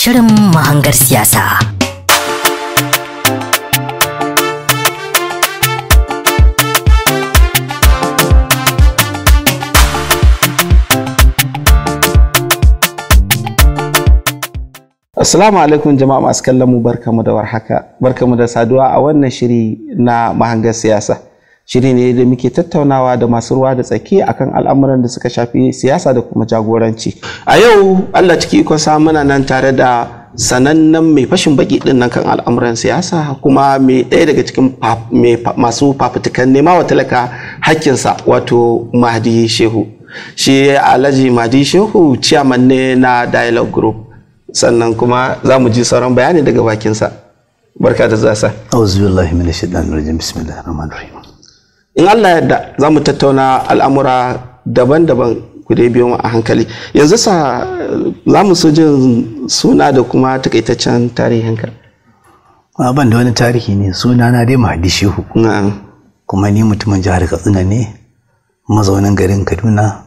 शर्म महंगर सियासा Assalamu alaikum jama'a masu kallon mu barkamu da warhaka barkamu da saduwa a wannan shiri na mahangar siyasa shiri ne da muke tattaunawa da masu ruwa da tsaki akan al'amuran da suka shafi siyasa da kuma jagoranci a yau allah ciki ikon muna nan tare da sanannen mai fashin baki din nan kan al'amuran siyasa kuma mai ɗaya daga cikin masu fafutukan nema wa talaka hakkinsa wato mahdi shehu shi alhaji mahdi shehu ciyaman ne na dialogue group sannan kuma za mu ji sauran bayani daga bakinsa barka da zasa auzubillahi minash shaitanir rajim bismillahir rahmanir rahim in allah yadda za mu tattauna al'amura daban-daban ku biyu a hankali yanzu sa za mu so jin suna da kuma takaitaccen tarihinka ban da wani tarihi ne suna na dai mahadi shehu kuma ni mutumin jihar katsina ne mazaunin garin kaduna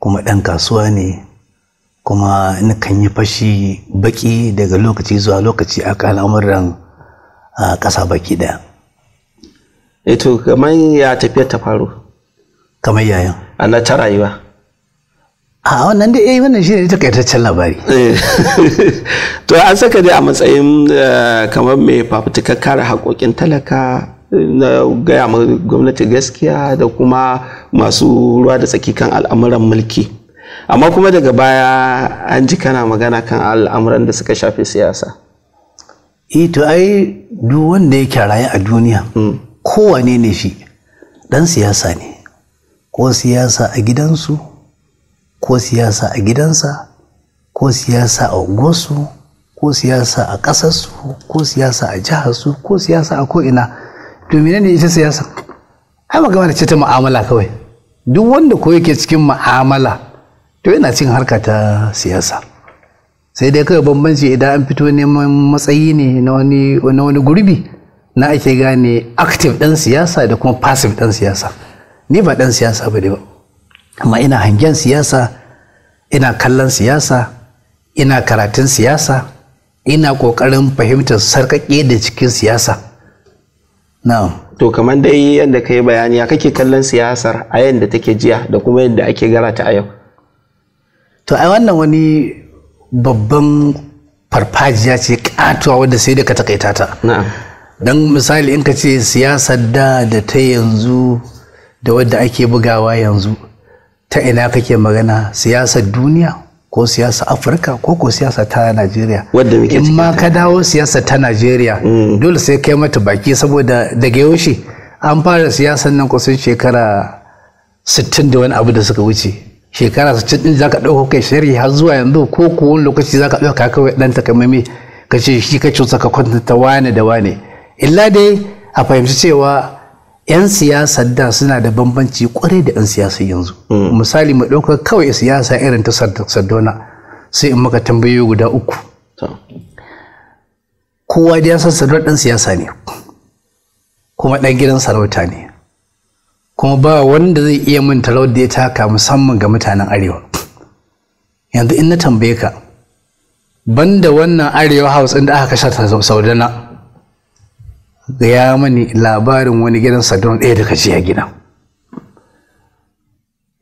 kuma ɗan kasuwa ne kuma nakan yi fashi baki daga lokaci zuwa lokaci a al'amuran ƙasa baki ɗaya e kamar ya tafiyar ta faru kamar yayan na ta rayuwa a wannan da eh wannan shi shine takaitaccen labari eh, to an saka dai a matsayin eh, kamar mai fafutukar kare haƙoƙin talaka na gaya ma gwamnati gaskiya da kuma masu ruwa da tsaki kan al'amuran mulki amma kuma daga baya an ji kana magana kan al'amuran da suka shafi siyasa ito ai duk wanda yake raye a duniya hmm. kowane ne shi ɗan siyasa ne ko siyasa a gidansu ko siyasa a gidansa ko siyasa a unguwarsu ko siyasa a ƙasarsu ko siyasa a jiharsu ko siyasa a ko'ina domin ne ita siyasa ai magana ce ta mu'amala kawai duk wanda ko yake cikin mu'amala to yana cin harka ta siyasa sai dai kawai bambanci idan an fito neman matsayi ne na wani gurbi na ake gane active ɗan siyasa da kuma passive ɗan siyasa ni ba ɗan siyasa ba ba amma ina hangen siyasa ina kallon siyasa ina karatun siyasa ina ƙoƙarin fahimtar sarƙaƙe da cikin siyasa na'am to kamar dai yadda ka yi bayani ya kake kallon siyasar a yadda take jiya da kuma yadda ake gara ta a yau to a wannan wani babban farfajiya ce ƙatuwa wadda sai da ka takaita ta dan misali in ka ce siyasar da da ta yanzu da wadda ake bugawa yanzu ta ina kake magana siyasar duniya ko siyasar afirka ko ko siyasa ta najeriya in ma ka dawo siyasa ta najeriya mm. dole sai kai mata baki saboda daga yaushe an fara siyasar nan kusan shekara 60 da wani abu da suka wuce shekara 60 din zaka dauko kai shari'a har zuwa yanzu ko ko wani lokaci zaka ɗauka kawai ɗan takamaimai ka ce shi kace saka ka ta wane da wane illa dai a fahimci cewa 'yan siyasar da suna da bambanci kwarai da 'yan siyasar yanzu mm. misali mu ɗaukar kawai siyasa irin ta sardona sai in maka tambayoyi guda uku kowa da ya san sardona ɗan siyasa ne kuma ɗan gidan sarauta ne kuma ba wanda zai iya min talau da ya taka musamman ga mutanen arewa yanzu in na tambaye ka banda wannan arewa house da aka kashe saudana gaya mani labarin wani gidan sadon ɗaya da kashe a gina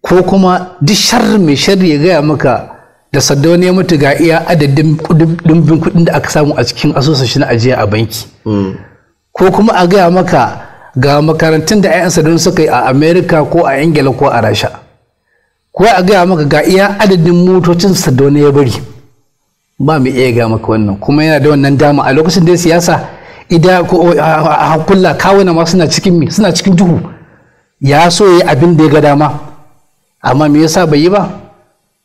ko kuma duk shar mai shari ya gaya maka da sadon ya mutu ga iya adadin ɗumbin kuɗin da aka samu a cikin asusun shi na ajiya a banki hmm. ko kuma a gaya maka ga makarantun da 'ya'yan sadon suka yi a amerika ko a ingila ko a rasha ko a gaya maka ga iya adadin motocin sadon ya bari ba mu iya gaya maka wannan kuma yana da wannan dama a lokacin da siyasa ida ko hakulla kawuna ma suna cikin me suna cikin duhu ya so yi abin da ya ga dama amma me yasa bai yi ba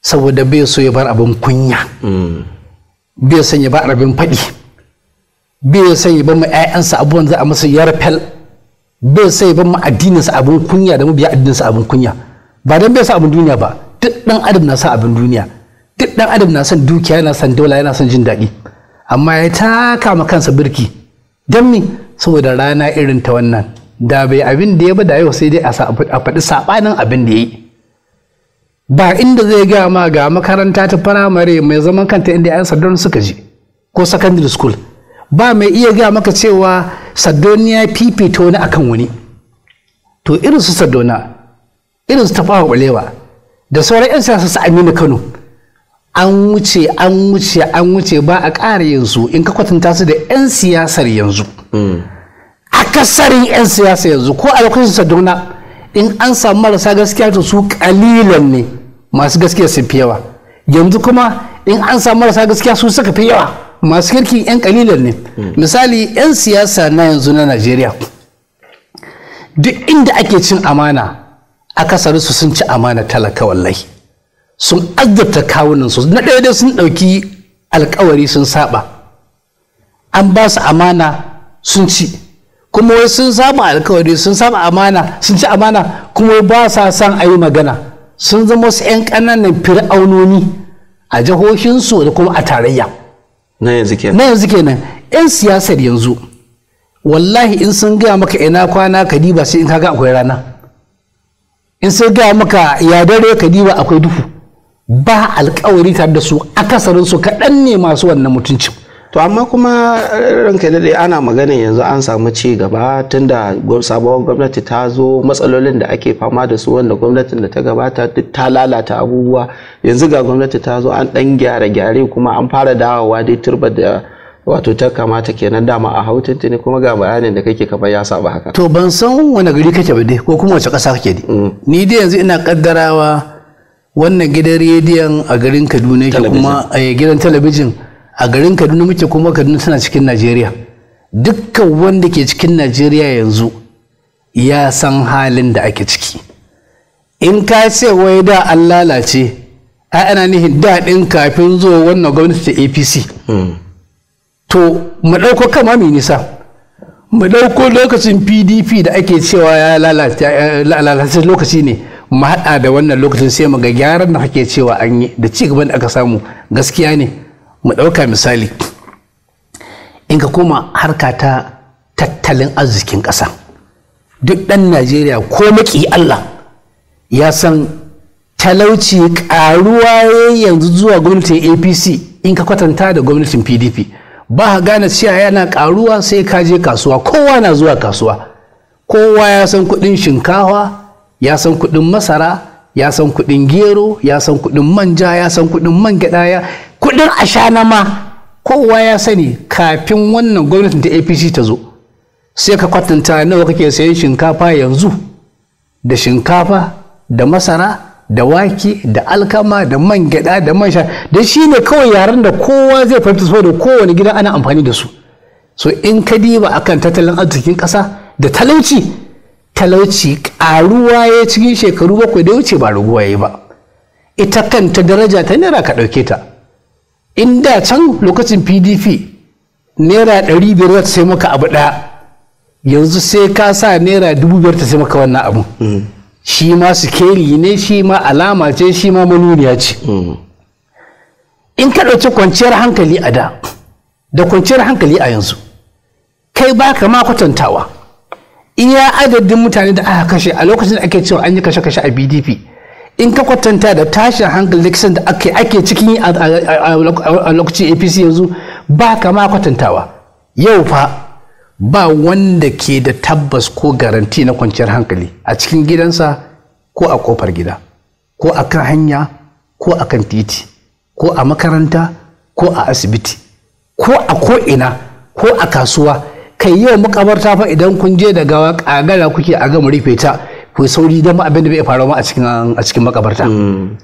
saboda bai so ya bar abin kunya mm. bai son ya bar abin faɗi bai son ya bar ma 'ya'yansa abubuwan za a masa yarfel bai son ya bar ma addininsa abin kunya da mu biya addininsa abin kunya ba dan bai sa abin duniya ba duk dan adam na sa abin duniya duk dan adam na son dukiya yana son dola yana son jin daɗi amma ya taka ma kansa birki don me saboda rana irin ta wannan da bai abin da ya ba da yau sai dai a faɗi saɓanin abin da ya yi ba inda zai gaya ma ga makaranta ta firamare mai zaman kanta inda 'yan saddon suka je ko secondary school ba mai iya gaya maka cewa ya fifita wani akan wani to irin su saddona irin su tafawa ƙwalewa da sauran 'yan siyasa su aminu kano an wuce an wuce an wuce ba a ƙara yanzu in ka kwatanta su da 'yan siyasar yanzu hmm. akasarin 'yan siyasa yanzu ko a lokacin saduna in an samu marasa gaskiya to su kalilan ne masu gaskiya sun fi yawa yanzu kuma in an samu marasa gaskiya su suka fi yawa masu kirki 'yan kalilan ne hmm. misali 'yan siyasa na yanzu na najeriya duk inda ake cin amana akasarinsu sun ci amana talaka wallahi sun azzabta kawunan su na ɗaya dai sun ɗauki alkawari sun saba an ba su amana sun ci kuma wai sun samu alkawari sun samu amana sun ci amana kuma ba sa san a yi magana sun zama wasu 'yan ƙananan fir'aunoni a jihohinsu da kuma a tarayya na yanzu kenan na yanzu kenan 'yan siyasar yanzu wallahi in sun gaya maka ina kwana ka diba sai in kaga akwai rana in sun gaya maka ya dare ka diba akwai duhu ba alkawari tare da su akasarin su kaɗan ne masu wannan mutunci to amma kuma eh, ranka daɗe ana magana yanzu an samu ci gaba tunda sabuwar gwamnati ta zo matsalolin da ake fama da su wanda gwamnatin da ta gabata duk ta lalata abubuwa yanzu ga gwamnati ta zo an ɗan gyara gyare kuma an fara dawowa dai turba da wato ta kamata kenan dama a hautin ne kuma ga bayanin da kake kamar ya saba haka to ban san wani gari kake ba dai ko kuma wace ƙasa kake mm. ni dai yanzu ina kaddarawa wannan gidan rediyon a garin kaduna yake kuma a eh, gidan talabijin a garin kaduna muke kuma kaduna tana cikin najeriya dukkan wanda ke cikin najeriya yanzu ya san halin da ake ciki in ka ce wai da an lalace ai ana nihin daɗin kafin zo wannan gwamnati ta apc hmm. to mu ɗauko kama mai nisa mu ɗauko lokacin pdp da ake cewa ya lalace lokaci ne mu haɗa da wannan lokacin sai mu ga gyaran da kake cewa an yi da ci gaban da aka samu gaskiya ne mu ɗauka misali in ka koma harka ta tattalin arzikin ƙasa duk ɗan najeriya ko maki allah ya san talauci ƙaruwa yanzu zuwa gwamnatin apc in ka kwatanta da gwamnatin pdp ba gane cewa yana ƙaruwa sai ka je kasuwa kowa na zuwa kasuwa kowa ya san kuɗin shinkawa ya san kuɗin masara ya san kuɗin gero ya san kuɗin manja ya san kuɗin man gyaɗa ya kuɗin ashana ma kowa ya sani kafin wannan gwamnatin ta apc ta zo sai ka kwatanta nawa kake sayan shinkafa yanzu da shinkafa da masara da wake da alkama da man gyada da man sha da shi ne kawai yaren da kowa zai fahimta saboda kowane gida ana amfani da su so in ka diba akan tattalin arzikin ƙasa da talauci talauci a ruwa ya cikin shekaru bakwai da wuce ba ruwa ya yi ba ita kanta daraja ta naira ka ɗauke ta in da can lokacin pdp naira ɗari biyar ta sai maka abu ɗaya yanzu sai ka sa naira dubu biyar ta sai maka wannan abu shi ma sikeli ne shi ma alama ce shi ma manuniya ce in ka ɗauki kwanciyar hankali a da da kwanciyar hankali a yanzu kai baka ma kwatantawa iya adadin mutane da aka kashe a lokacin da ake cewa an yi kashe-kashe a bdp in ka kwatanta da tashin hankali da ake ake cikin a lokacin apc yanzu ba kama kwatantawa yau fa ba wanda ke da tabbas ko garanti na kwanciyar hankali a cikin gidansa ko a kofar gida ko a kan hanya ko a kan titi ko a makaranta ko a asibiti ko a ko'ina ko a kasuwa kai yau makabarta fa idan kun je daga gawa kagara kuke a gama rufe ta ku sauri dan abin da bai faru ma a cikin a cikin makabarta hmm.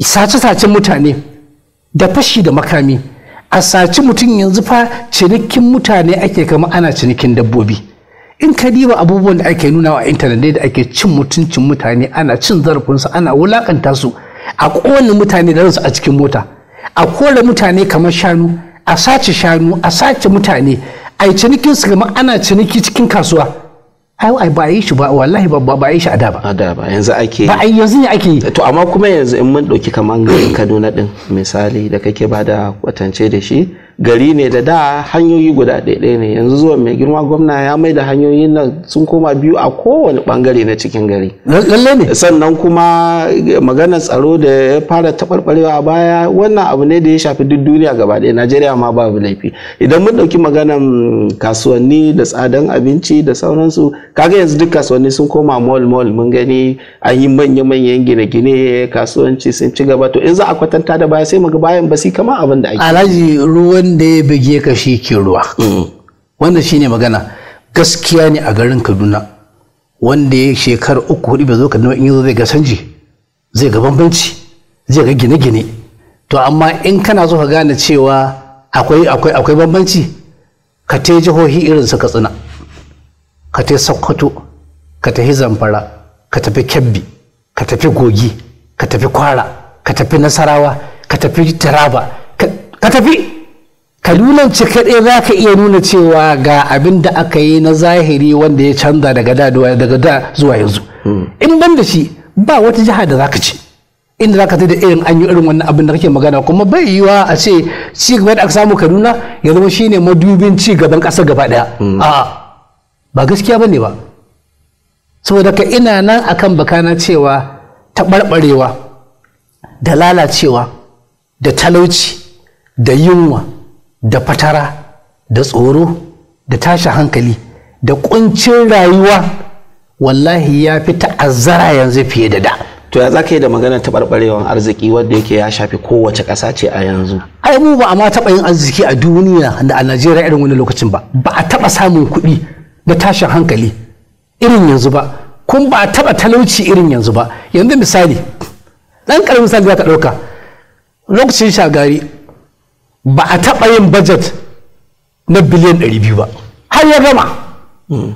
sace sacen mutane da fashi da makami a sace mutum yanzu fa cinikin mutane ake kama ana cinikin dabbobi in ka diba abubuwan da ake nuna wa intanet da ake cin mutuncin mutane ana cin su ana wulakanta su a kowane mutane da su a cikin mota a kore mutane kamar shanu a sace shanu a sace mutane a yi cinikin su kamar ana ciniki cikin kasuwa ai ba yi shi ba wallahi ba ba yi shi a da ba a da ba yanzu ake ba yanzu ne ake yi to amma kuma yanzu in mun dauki kaman Kaduna din misali da kake bada kwatance da shi gari ne da da hanyoyi guda ɗaya ne yanzu zuwa mai girma gwamna ya mai da hanyoyin nan sun koma biyu a kowane bangare na cikin gari sannan kuma maganar tsaro da ya fara taɓarɓarewa baya wannan abu ne da ya shafi duk duniya gaba ɗaya najeriya ma ba babu laifi idan mun ɗauki maganar kasuwanni da tsadan abinci da sauransu kaga yanzu duk kasuwanni sun koma mall mall mun gani an yi manya-manyan gine-gine kasuwanci sun ci gaba to in za a kwatanta da baya sai mu ga bayan ba kamar abin da ake alhaji ruwan wanda ya bige ka shi ke ruwa mm. wanda shi ne magana gaskiya ne a garin kaduna wanda ya shekar uku hudu bai zo kaduna in yazo zai ga sanji zai ga bambanci zai ga gine-gine to amma in kana zo ka gane cewa akwai akwai akwai bambanci ka te jihohi irin su katsina ka te sokoto ka tafi zamfara ka tafi kebbi ka tafi gogi ka tafi kwara ka tafi nasarawa ka tafi taraba ka tafi kalulance kaɗai za ka iya nuna cewa ga abin da aka yi na zahiri wanda ya canza daga da zuwa yanzu in ban da shi ba wata jiha da za ka ci inda za ka da irin an yi irin wannan abin da kake magana kuma bai wa a ce ci gaba da aka samu kaduna ya zama shi ne madubin ci gaban ƙasa gaba ɗaya hmm. a'a ba gaskiya ba ne ba saboda ka ina nan akan bakana cewa taɓarɓarewa da lalacewa da talauci da yunwa da fatara da tsoro da tashi hankali da kuncin rayuwa wallahi ya fi ta'azzara yanzu fiye da da to ya zaka yi da maganar taɓarɓarewar arziki wanda yake ya shafi kowace ƙasa ce a yanzu ai mu ba a ma taɓa yin arziki a duniya da a najeriya irin wani lokacin ba ba a taɓa samun kuɗi da tashin hankali irin yanzu ba kun ba a taba talauci irin yanzu ba yanzu misali ɗan ƙaramin misali za ka ɗauka lokacin shagari ba a taɓa yin budget na biliyan 200 ba har ya gama hmm.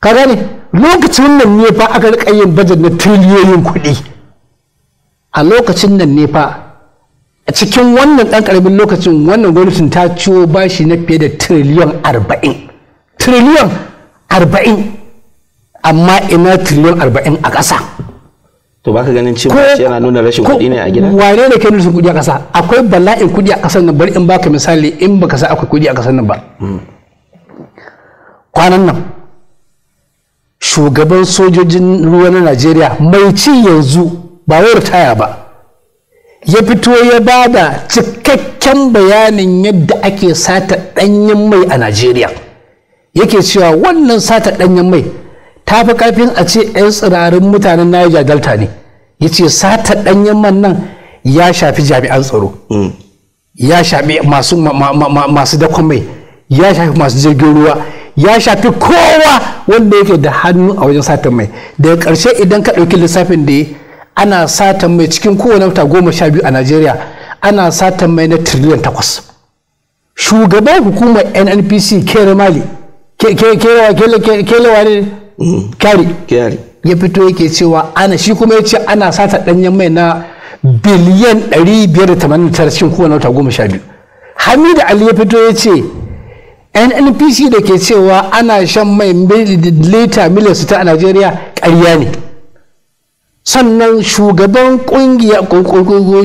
ka gane lokacin nan ne fa aka rika yin budget na triliyoyin kuɗi a lokacin nan ne fa a cikin wannan ɗan ƙaramin lokacin wannan gwamnatin ta ciwo bashi na fiye da triliyon 40 triliyon 40 amma ina triliyon 40 a ƙasa to baka ganin cin bashi yana nuna rashin kuɗi ne a gida wane ne kai nuna kuɗi a ƙasa akwai bala'in kuɗi a ƙasar nan bari in baka misali in baka sa akwai kuɗi a ƙasar nan ba hmm. kwanan nan shugaban sojojin ruwa na Najeriya mai ci yanzu ba wai ritaya ba ya fito ya bada da cikakken bayanin yadda ake sata ɗanyen mai a Najeriya yake cewa wannan sata ɗanyen mai ta fi karfin a ce 'yan tsirarin mutanen Naija Delta ne ya ce sata ɗanyen man nan ya shafi jami'an tsaro ya shafi masu masu dakon mai ya shafi masu jirgin ruwa ya shafi kowa wanda yake da hannu a wajen satan mai daga ƙarshe idan ka ɗauki lissafin da ya ana sata mai cikin kowane wata goma sha biyu a najeriya ana sata mai na tiriliyan takwas shugaban hukumar nnpc kere mali kelewa ne Mm. kyari ya fito yake cewa ana shi kuma ya ce ana sata danyen mai na biliyan 589 cikin kowane wata goma sha biyu hamidu ali ya fito ya ce nnpc da ke cewa ana shan mai lita miliyan sita a najeriya karya ne sannan shugaban kungiya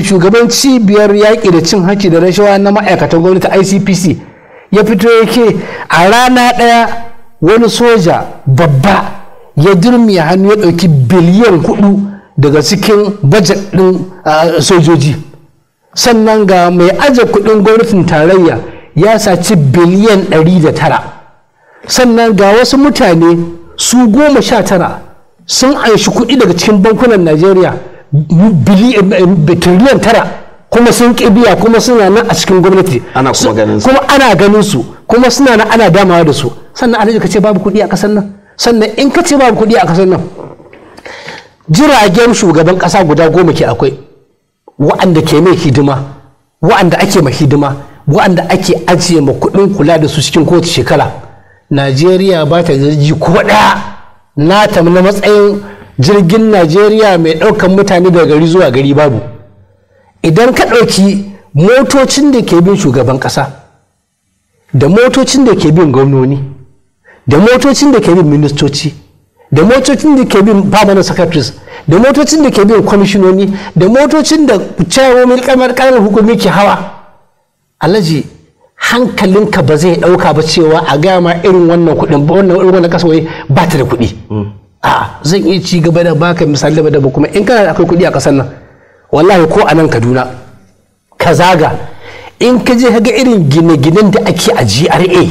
shugaban cibiyar yaƙi da cin hanci da rashawa na ma'aikatan gwamnati icpc ya fito yake a rana ɗaya wani soja babba ya durmiya hannu ya ɗauki biliyan kudu daga cikin bajet ɗin sojoji sannan ga mai aje kudin gwamnatin tarayya ya saci biliyan ɗari da tara. sannan ga wasu mutane su goma sha tara sun anshi kuɗi daga cikin bankunan najeriya biliyan eh, eh, tara kuma sun ƙi biya kuma suna nan a cikin gwamnati ana kuma ganin su kuma ana ganin su kuma suna nan ana damawa da su sannan alhaji ka ce babu kuɗi a ƙasar nan sannan in kace babu kuɗi a ƙasar nan jiragen shugaban ƙasa guda goma ke akwai wa'anda ke mai hidima wa'anda ake ma hidima wa'anda ake ajiye ma kuɗin kula da su cikin kowace shekara najeriya ba ta jirgi ko ɗaya na na matsayin jirgin najeriya mai ɗaukan mutane daga gari zuwa gari babu idan ka ɗauki motocin da ke bin shugaban ƙasa da motocin da ke bin gwamnoni da motocin da ke bin ministoci da motocin da ke bin permanent secretaries da motocin da ke bin kwamishinoni da motocin da chairwoman kamar kanar hukumi ke hawa alhaji hankalinka ba zai ɗauka ba cewa a gaya ma irin wannan kuɗin ba wannan irin wannan kasa ba ta da kuɗi mm. a zan iya ci gaba da baka misali da ba kuma in kana da akwai kuɗi a ƙasar nan wallahi ko a nan kaduna ka zaga in ka je ga irin gine-ginen da ake a GRA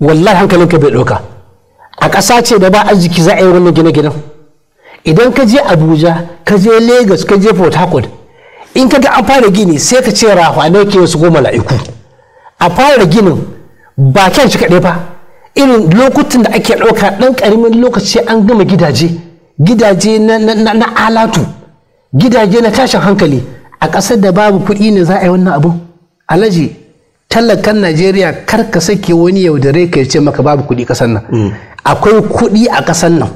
wallahi ka bai ɗauka a ƙasa ce da ba arziki za a yi wannan gine-ginen idan ka je abuja ka je lagos ka je port harcourt in ka ga an fara gini sai ka ce rahwane ke su goma la'iku a fara ginin ba kyan shi kaɗai ba irin lokutan da ake ɗauka ɗan ƙaramin lokaci an gama gidaje gidaje na alatu gidaje na tashin hankali a ƙasar da babu kuɗi ne za a yi wannan abu alaji talakan najeriya kar ka sake wani yaudare ka ce maka babu kuɗi ƙasar nan mm. akwai kuɗi a ƙasar nan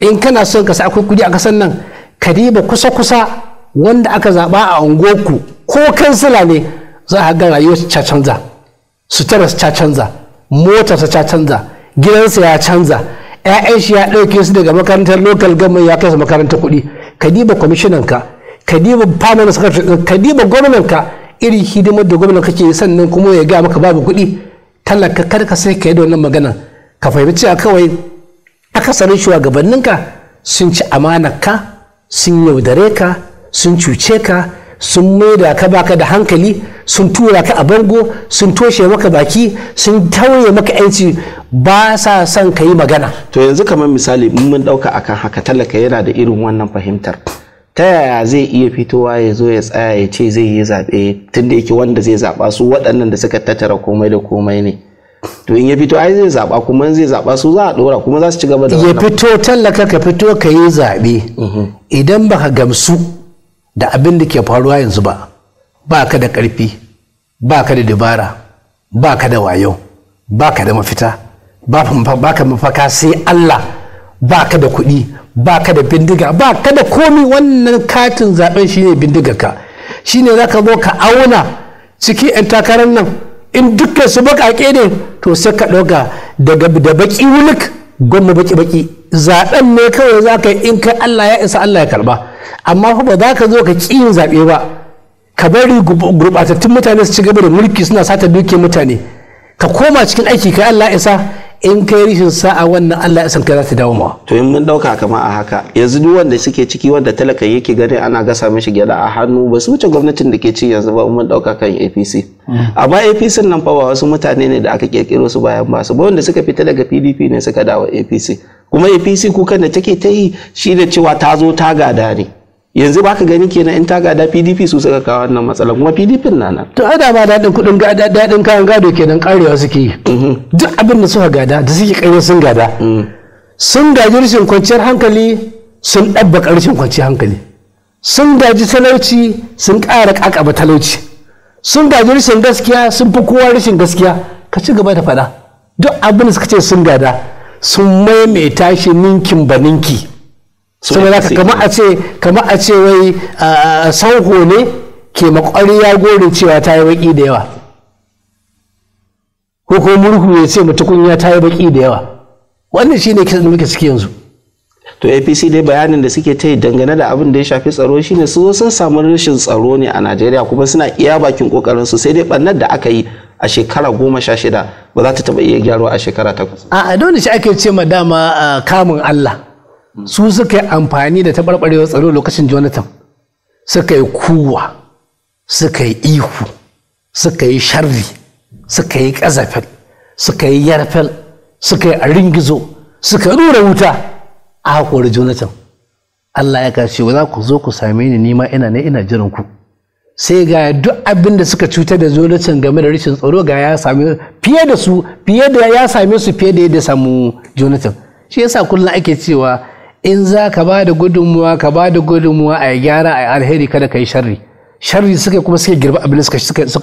in kana son ka akwai kuɗi a ƙasar nan ka diba kusa-kusa wanda aka zaɓa a unguwarku ko kansila ne za a ga rayuwar ta canza sutura ta canza Mota ta canza gidansa ya canza 'ya'yan shi ya ɗauke su daga makarantar lokal gama ya kai su makarantar kuɗi ka diba kwamishinanka ka diba secretary ka diba gwamnan ka iri hidimar da gwamnan kake sannan kuma ya gaya maka babu kuɗi talaka kar ka sai ka yi da wannan magana ka fahimci a kawai akasarin shugabanninka sun ci amanar ka sun yaudare ka sun cuce ka sun maida ka baka da hankali sun tura ka a bango sun toshe maka baki sun tauye maka yanci ba sa son ka yi magana to yanzu kamar misali mun dauka akan haka talaka yana da irin wannan fahimtar ta yaya zai iya fitowa ya zo ya tsaya ya ce zai yi zaɓe tun da yake wanda zai zaɓa su waɗannan da suka tattara komai da komai ne to in ya fito ai zai zaɓa kuma zai zaɓa su za a ɗora kuma za su ci gaba da wannan. ya fito tallaka ka fito ka yi zaɓe mhm. idan baka gamsu da abin da ke faruwa yanzu ba ba ka da ƙarfi ba ka da dabara ba ka da wayo ba ka da mafita ba ka mafaka sai Allah ba ka da kuɗi ba ka da bindiga ba ka da komi wannan katin zaben shine ka, shine za ka zo ka auna ciki 'yan takarar nan in dukkan su baƙaƙe ne to sai ka ɗauka daga da baƙi wulik, gwamna baƙi-baƙi zaɓen ne kawai za ka yi in ka Allah ya isa Allah ya karba amma fa ba za ka zo ka ƙi yin zaɓe ba ka bari gurɓatattun mutane su ci gaba da mulki suna sata duke mutane ka koma cikin aiki ka Allah isa in kai rishin sa'a wannan Allah isan kai za ta dawo ma to in mun dauka kamar a haka yanzu duk wanda suke ciki wanda talaka yake gani ana gasa mishi gyada a hannu ba su wuce gwamnatin da ke ci yanzu ba mun dauka kan APC a baya apc nan fa ba wasu mutane ne da aka kirkiro su bayan su ba wanda suka fita daga pdp ne suka dawo apc kuma apc kukan da take ta yi shi da cewa ta zo ta gada ne yanzu ba ka gani kenan in ta gada pdp su suka kawo wannan matsala kuma pdp na nan to ada ba daɗin kudin daɗin kayan gado kenan karewa suke yi mm-hmm. duk abin da suka gada da suke karewa sun gada mm. sun gaji rashin kwanciyar hankali sun ɗabba ƙarshen kwanciyar hankali sun gaji talauci sun ƙara ƙaƙaba talauci sun gaji rashin gaskiya sun fi kowa rashin gaskiya ka ci gaba da faɗa duk abin da suka ce sun gada sun maimaita shi ninkin ba ninki saboda a ce kama a ce wai sauho ne ke makwari ya gore cewa ta yi baki da yawa ko ko murhu ya ce ya ta yi baki da yawa wannan shine kisan da muke ciki yanzu to apc dai bayanin da suke ta dangane da abin da ya shafi tsaro shine su sun samu rashin tsaro ne a najeriya kuma suna iya bakin kokarin su sai dai bannar da aka yi a shekara goma sha shida ba za ta taba iya gyaruwa a shekara takwas. a dole shi ake ce ma dama a kamun allah su suka yi amfani da tabarbarewar tsaro lokacin jonathan suka yi kuwa suka yi ihu suka yi sharri suka yi ƙazafel suka yi yarfel suka yi a ringizo suka rura wuta aka kori jonathan allah ya kashe wa za ku zo ku same ni nima ina ne ina jiran ku sai ga duk abin da suka cutar da jonathan game da rashin tsaro ga ya same fiye da su fiye da ya same su fiye da yadda samu jonathan shi yasa kullum ake cewa in za ka ba da gudunmuwa ka ba da gudunmuwa a gyara a alheri kada ka yi sharri sharri suka kuma suka girba abin da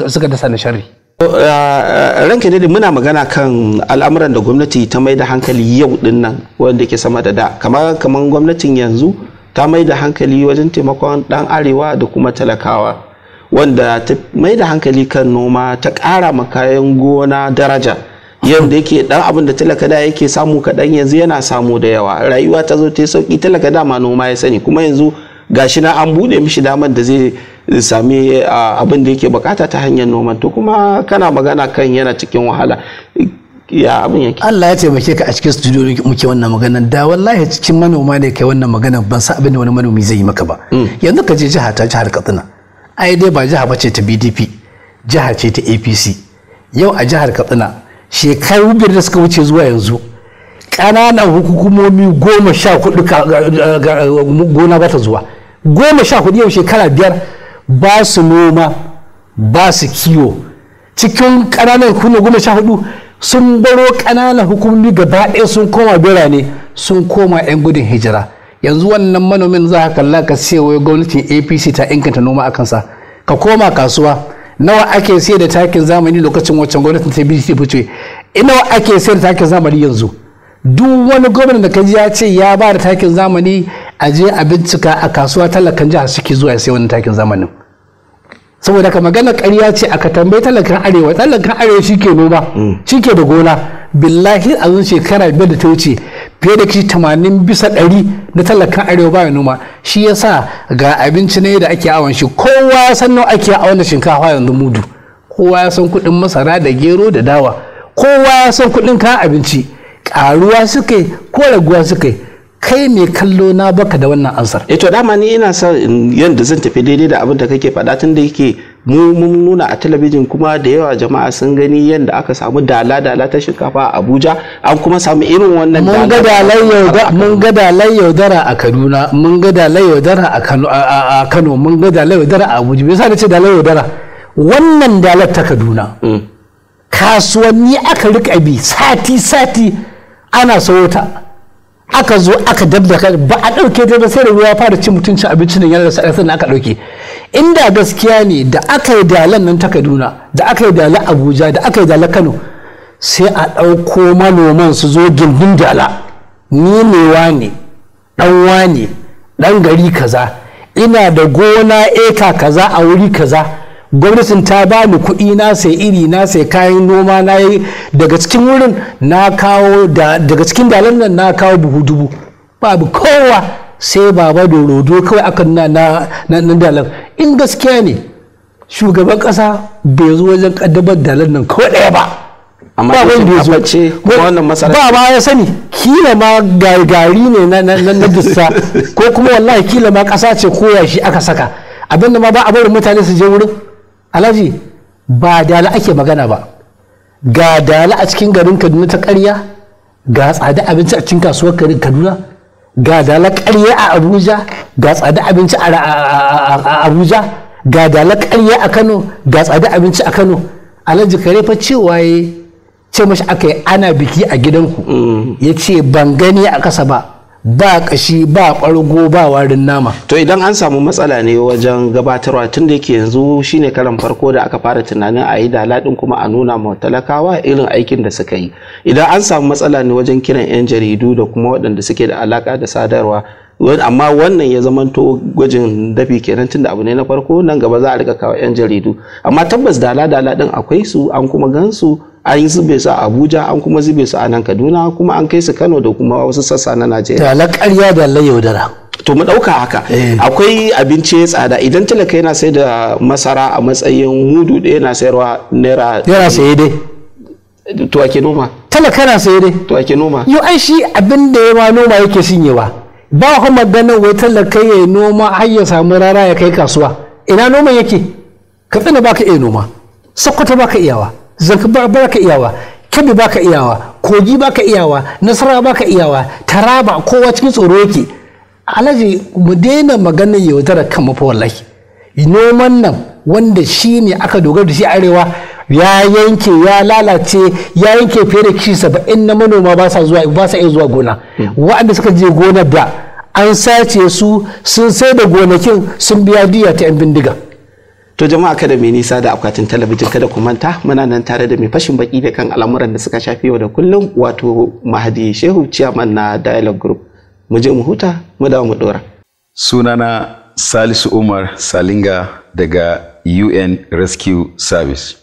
suka dasa na sharri Eh, eh, ranke ne muna magana kan al'amuran da gwamnati ta mai da hankali yau dinnan nan wanda ke sama da da kamar kamar gwamnatin yanzu ta mai da hankali wajen taimakon dan arewa da kuma talakawa wanda ta mai da hankali kan noma ta kara ma kayan gona daraja yau da yake dan abin da talakada yake samu kaɗan yanzu yana samu da yawa rayuwa ta zo ta sauki talakada ma noma ya sani kuma yanzu gashi na an buɗe mishi damar da zai sami abin da yake bukata ta hanyar noman to kuma kana magana kan yana cikin wahala ya abin yake Allah ya taimake ka a cikin studio muke wannan magana da wallahi cikin manoma ne kai wannan magana ban san abin da wani manomi zai yi maka ba mm. yanzu ka je jiha ta jihar Katsina ai dai ba jiha bace ta BDP jiha ce ta APC yau a jihar Katsina shekaru biyar da suka wuce zuwa yanzu kananan hukumomi goma sha hudu gona ba ta zuwa goma sha hudu yau shekara biyar ba su noma ba su kiwo cikin ƙananan hukumi goma sha hudu sun baro ƙananan hukumi gaba ɗaya sun koma birane sun koma 'yan gudun hijira yanzu wannan manomin za ka kalla ka wai gwamnatin apc ta inganta noma a kansa ka koma kasuwa nawa ake sayar da takin zamani lokacin waccan gwamnatin ta biyu fice nawa ake sayar da takin zamani yanzu duk wani gwamnati da ka ji ya ce ya ba da takin zamani a je a bincika a kasuwa talakan jihar suke zuwa ya sai wani takin zamanin saboda ka magana karya ce aka tambayi talakan arewa talakan arewa shi ke noma mm. shi ke da gona billahi a zun shekara biyar da ta wuce fiye da kishi tamanin bisa ɗari na talakan arewa baya noma shi ya sa ga abinci ne da ake awon shi kowa ya san nawa ake awon da shinkafa yanzu mudu kowa ya san kuɗin masara da gero da dawa kowa ya san kuɗin kayan abinci karuwa suka yi ko raguwa suka yi kai mai kallo na baka da wannan ansar Eto eh dama ni ina sa yadda zan tafi daidai da abin da kake faɗa tun da yake mu mun nuna a talabijin kuma da yawa jama'a sun gani yadda aka samu dala dala ta shinkafa a Abuja an kuma samu irin wannan mun ga yaudara mun ga dalar yaudara a Kaduna mun ga dalar yaudara a Kano a Kano mun ga dalai yaudara a Abuja me yasa nace dalar yaudara wannan dalar ta Kaduna mm. kasuwanni aka rika bi sati sati ana sayo ta aka zo aka dabda ka ba a ɗauke ta ba sai da ruwa fara cin mutuncin abinci da yana da sadaka na aka ɗauke inda gaskiya ne da aka yi dalan nan ta kaduna da aka yi dala abuja da aka yi dala kano sai a ɗauko manoman su zo gindin dala ni ne wane ɗan ne ɗan gari kaza ina da gona eka kaza a wuri kaza gwamnatin ta ba ni kuɗi na sai iri na sai kayan noma na yi daga cikin wurin na kawo daga cikin dalar nan na kawo buhu dubu babu kowa sai baba rodo kawai akan na na dalar in gaskiya ne shugaban kasa bai zo wajen ƙaddamar dalar nan kawai ɗaya ba amma ba wani bezo ba ba ya sani kila ma gari ne na na dusta ko kuma wallahi kila ma kasa ce koya shi aka saka abinda ma ba a barin mutane su je wurin alhaji ba dala ake magana ba ga dala a cikin garin kaduna ta karya ga tsada abinci a cikin kasuwar kaduna ga dala karya a abuja ga tsada abinci a abuja ga dala karya a kano ga tsada abinci a kano alhaji kare fa cewa ce mashi aka yi ana biki a gidanku mm. ya ce ban gani a ƙasa ba ba kashi ba ɓargo ba warin nama to idan an samu matsala ne wajen gabatarwa tun da yake yanzu shine karan farko da aka fara tunanin a yi daladin kuma a nuna ma talakawa irin aikin da suka yi idan an samu matsala ne wajen kiran 'yan jaridu da kuma waɗanda suke da alaka da sadarwa amma wannan ya zamanto gwajin dafi kenan tunda abu ne na farko nan gaba za a rika kawo yan jaridu amma tabbas dala dala din akwai su an kuma gansu an zube su a abuja an kuma zube su a nan kaduna kuma an kai su kano da kuma wasu sassa na najeriya dala karya da yaudara to mu ɗauka haka eh. akwai abinci ya tsada idan talaka yana sai da masara a matsayin hudu ɗaya na sayarwa naira yana sai dai to ake noma talaka na sai dai to ake noma yau an shi abin da ya ma noma yake sinyewa ba ku maganin wai talaka ya yi noma har ya samu rara ya kai kasuwa ina noman yake ka tsina baka iya noma sokoto baka iyawa zanka baka iyawa kebbi baka iyawa kogi baka iyawa nasara baka iyawa taraba kowa cikin tsoro yake alhaji mu daina maganar yautar kan mafi wallahi noman nan wanda shi ne aka dogara da shi arewa ya yanke ya lalace ya yanke fiye da kishi saba'in na manoma ba sa zuwa ba sa iya zuwa gona waɗanda suka je gona da an sace su sun sai da gonakin sun biya diya ta yan bindiga to jama'a kada mai nisa da akwatin talabijin kada ku manta muna nan tare da mai fashin baki da kan al'amuran da suka shafi yau da kullum wato mahadi shehu ciyaman na dialogue group mu je mu huta mu dawo mu dora sunana salisu umar salinga daga un rescue service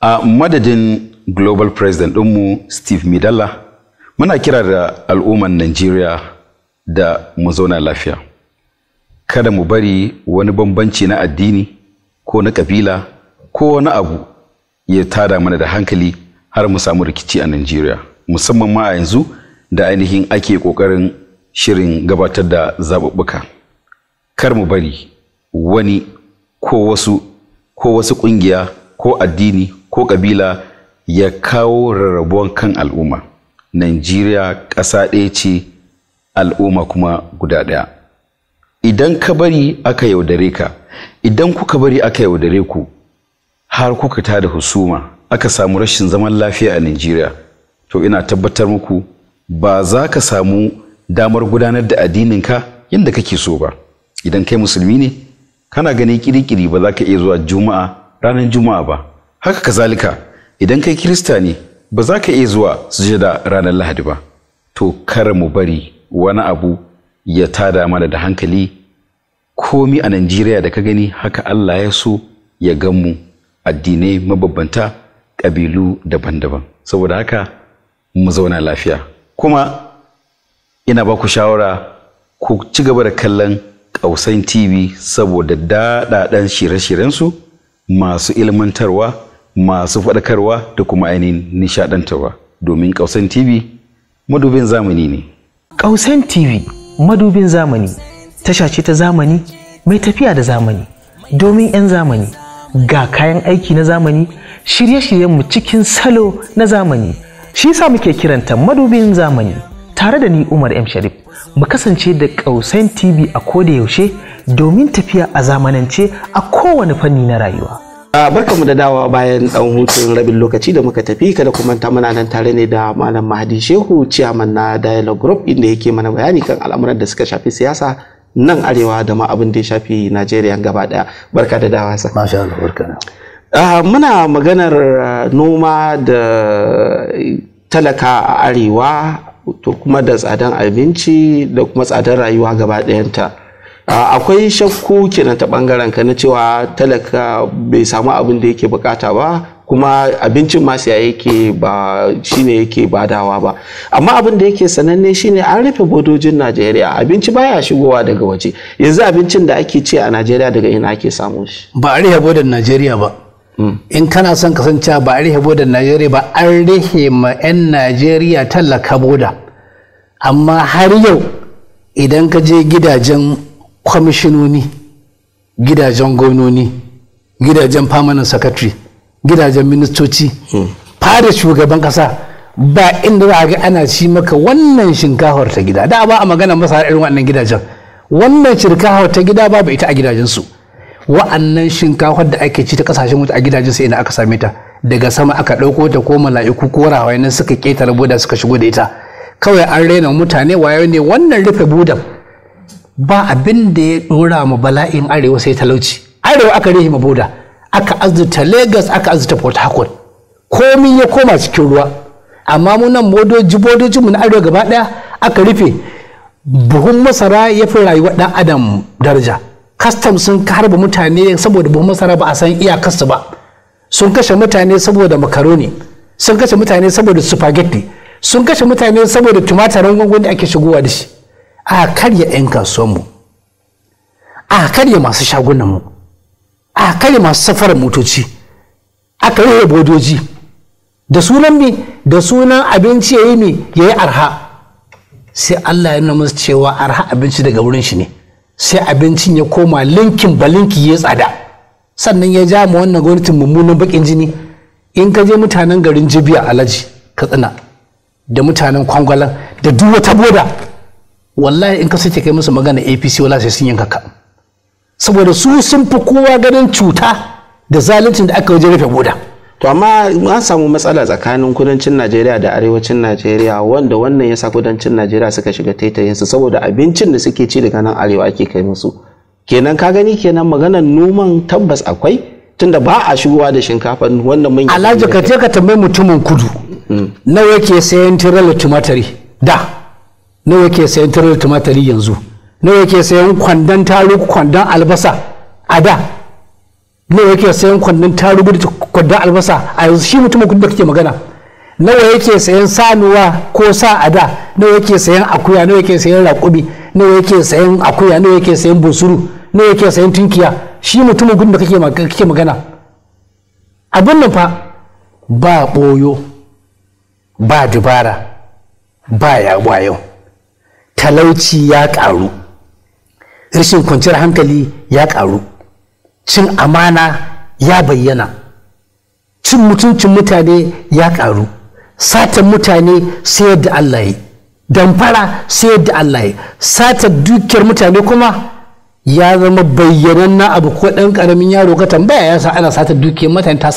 a madadin global president ɗinmu steve midalla muna kira da al'umman nigeria da mu zauna lafiya kada mu bari wani bambanci na addini ko na ƙabila ko wani abu ya tada mana da hankali har mu samu rikici a nigeria musamman ma a yanzu da ainihin ake ƙoƙarin shirin gabatar da zaɓuɓɓuka kar mu bari wani ko wasu ko wasu ƙungiya ko addini ko ƙabila ya kawo rarrabuwan kan al'umma Najeriya ƙasa ɗaya ce al'umma kuma guda ɗaya idan ka bari aka yaudare ka idan kuka bari aka yaudare ku har kuka ta da husuma aka samu rashin zaman lafiya a Najeriya to ina tabbatar muku ba za ka samu damar gudanar da addininka yadda kake so ba idan kai musulmi ne kana gani ƙiri ba za ka iya zuwa juma'a ranar juma'a ba haka kazalika idan kai kirista ne ba za ka iya zuwa sujada ranar lahadi ba to kar mu bari wani abu ya tada mana da hankali komi a najeriya da ka gani haka allah ya so ya gan mu addinai mabambanta ƙabilu daban-daban saboda haka mu zauna lafiya kuma ina ba ku shawara ku ci gaba da kallon ƙausan tv saboda daɗaɗen shirye-shiryensu masu ilmantarwa masu faɗakarwa da kuma ainihin nishaɗantarwa domin ƙausan tv madubin zamani ne ƙausan tv madubin zamani tasha ce ta zamani mai tafiya da zamani domin 'yan zamani ga kayan aiki na zamani shirye-shiryenmu cikin salo na zamani shi sa muke kiranta madubin zamani tare da ni umar m sharif mu kasance da ƙausan tv a koda yaushe domin tafiya a zamanance a kowane fanni na rayuwa mu da dawa bayan dan hutun rabin lokaci da muka tafi kada kuma ta muna nan tare ne da malam mahadi shehu ciyaman na dialogue group inda yake mana bayani kan al'amuran da suka shafi siyasa nan arewa da ma abin da ya shafi najeriya gaba daya barka da dawa sa masha Allah barka muna maganar noma da talaka a arewa to kuma da tsadan abinci da kuma tsadan rayuwa gaba ta akwai shakku kenan ta bangaren ka na cewa talaka bai samu abin da yake bukata ba kuma abincin ma yake ba shine yake badawa ba amma abin da yake sananne shine an rufe bodojin Najeriya abinci baya shigowa daga waje yanzu abincin da ake ci a Najeriya daga ina ake samu shi ba a rufe bodon Najeriya ba hmm. in kana son kasance ba a rufe bodon Najeriya ba an rufe ma 'yan Najeriya tallaka boda amma har yau idan ka je gidajen kwamishinoni gidajen gwamnoni gidajen famanin Secretary, gidajen ministoci fada shugaban kasa ba inda za a ga ana ci maka wannan shinkafar ta gida da ba a magana masa irin wannan gidajen wannan shinkafar ta gida babu ita a gidajensu wa'annan shinkafar da ake ci ta kasashen wuta a gidajen su ina aka same ta daga sama aka ɗauko ta ko mala'iku ko rawayen suka keta buda suka shigo da ita kawai an raina mutane wayo ne wannan rufe budan ba abin da ya dora ma bala'in arewa sai talauci arewa aka rehe ma boda aka azuta lagos aka azuta port harcourt komi ya koma cikin ruwa amma mu nan bodoji bodoji mu na arewa gaba daya aka rufe buhun masara ya fi rayuwa dan adam daraja kastam sun harba mutane saboda buhun masara ba a san iyakarsu ba sun kashe mutane saboda makaroni sun kashe mutane saboda spaghetti sun kashe mutane saboda tumatirin gungun da ake shigowa da shi a karya 'yan kasuwanmu a karya masu shagunanmu a karya masu safarar motoci a karya bodoji da sunan mi da sunan abinci ya yi mi ya yi arha sai allah ya nuna cewa arha abinci daga wurin shi ne sai abincin ya koma linkin balinki ya tsada sannan ya ja ma wannan gwamnatin mummunan bakin jini in ka je mutanen garin jibiya alaji katsina da mutanen kwangwalan da duk wata boda wallahi in ka sace kai musu magana apc wala sai sun yanka ka saboda su sun fi kowa ganin cuta da zaluncin da aka waje rufe boda to amma an samu matsala tsakanin kudancin najeriya da arewacin najeriya wanda wannan yasa kudancin najeriya suka shiga taitayinsu saboda abincin da suke ci daga nan arewa ake kai musu kenan ka gani kenan maganar noman tabbas akwai tunda ba a shigowa da shinkafa wannan mun alhaji ka je ka tambayi mutumin kudu mm. nawa yake sayan tirala tumatari da nawa yake sayan tarar tumatari yanzu nawa yake sayan kwandon tarugu kwandon albasa a da nawa yake sayan kwandon tarugu da kwandon albasa a yanzu shi mutum kudin da kake magana nawa yake sayan sanuwa ko sa a da nawa yake sayan akuya nawa yake sayan raƙumi nawa yake sayan akuya nawa yake sayan busuru nawa yake sayan tunkiya shi mutumin gudun da kake magana abin nan fa ba ɓoyo ba dubara ba yawa yau talauci ya ƙaru rashin kwanciyar hankali ya ƙaru cin amana ya bayyana cin mutuncin mutane ya ƙaru satan mutane sai yadda Allah yi damfara sai yadda Allah yi sata dukiyar mutane kuma ya zama na abu ko ɗan ƙaramin yaro ka tambaya ya sa ana sata dukiyar mutane ta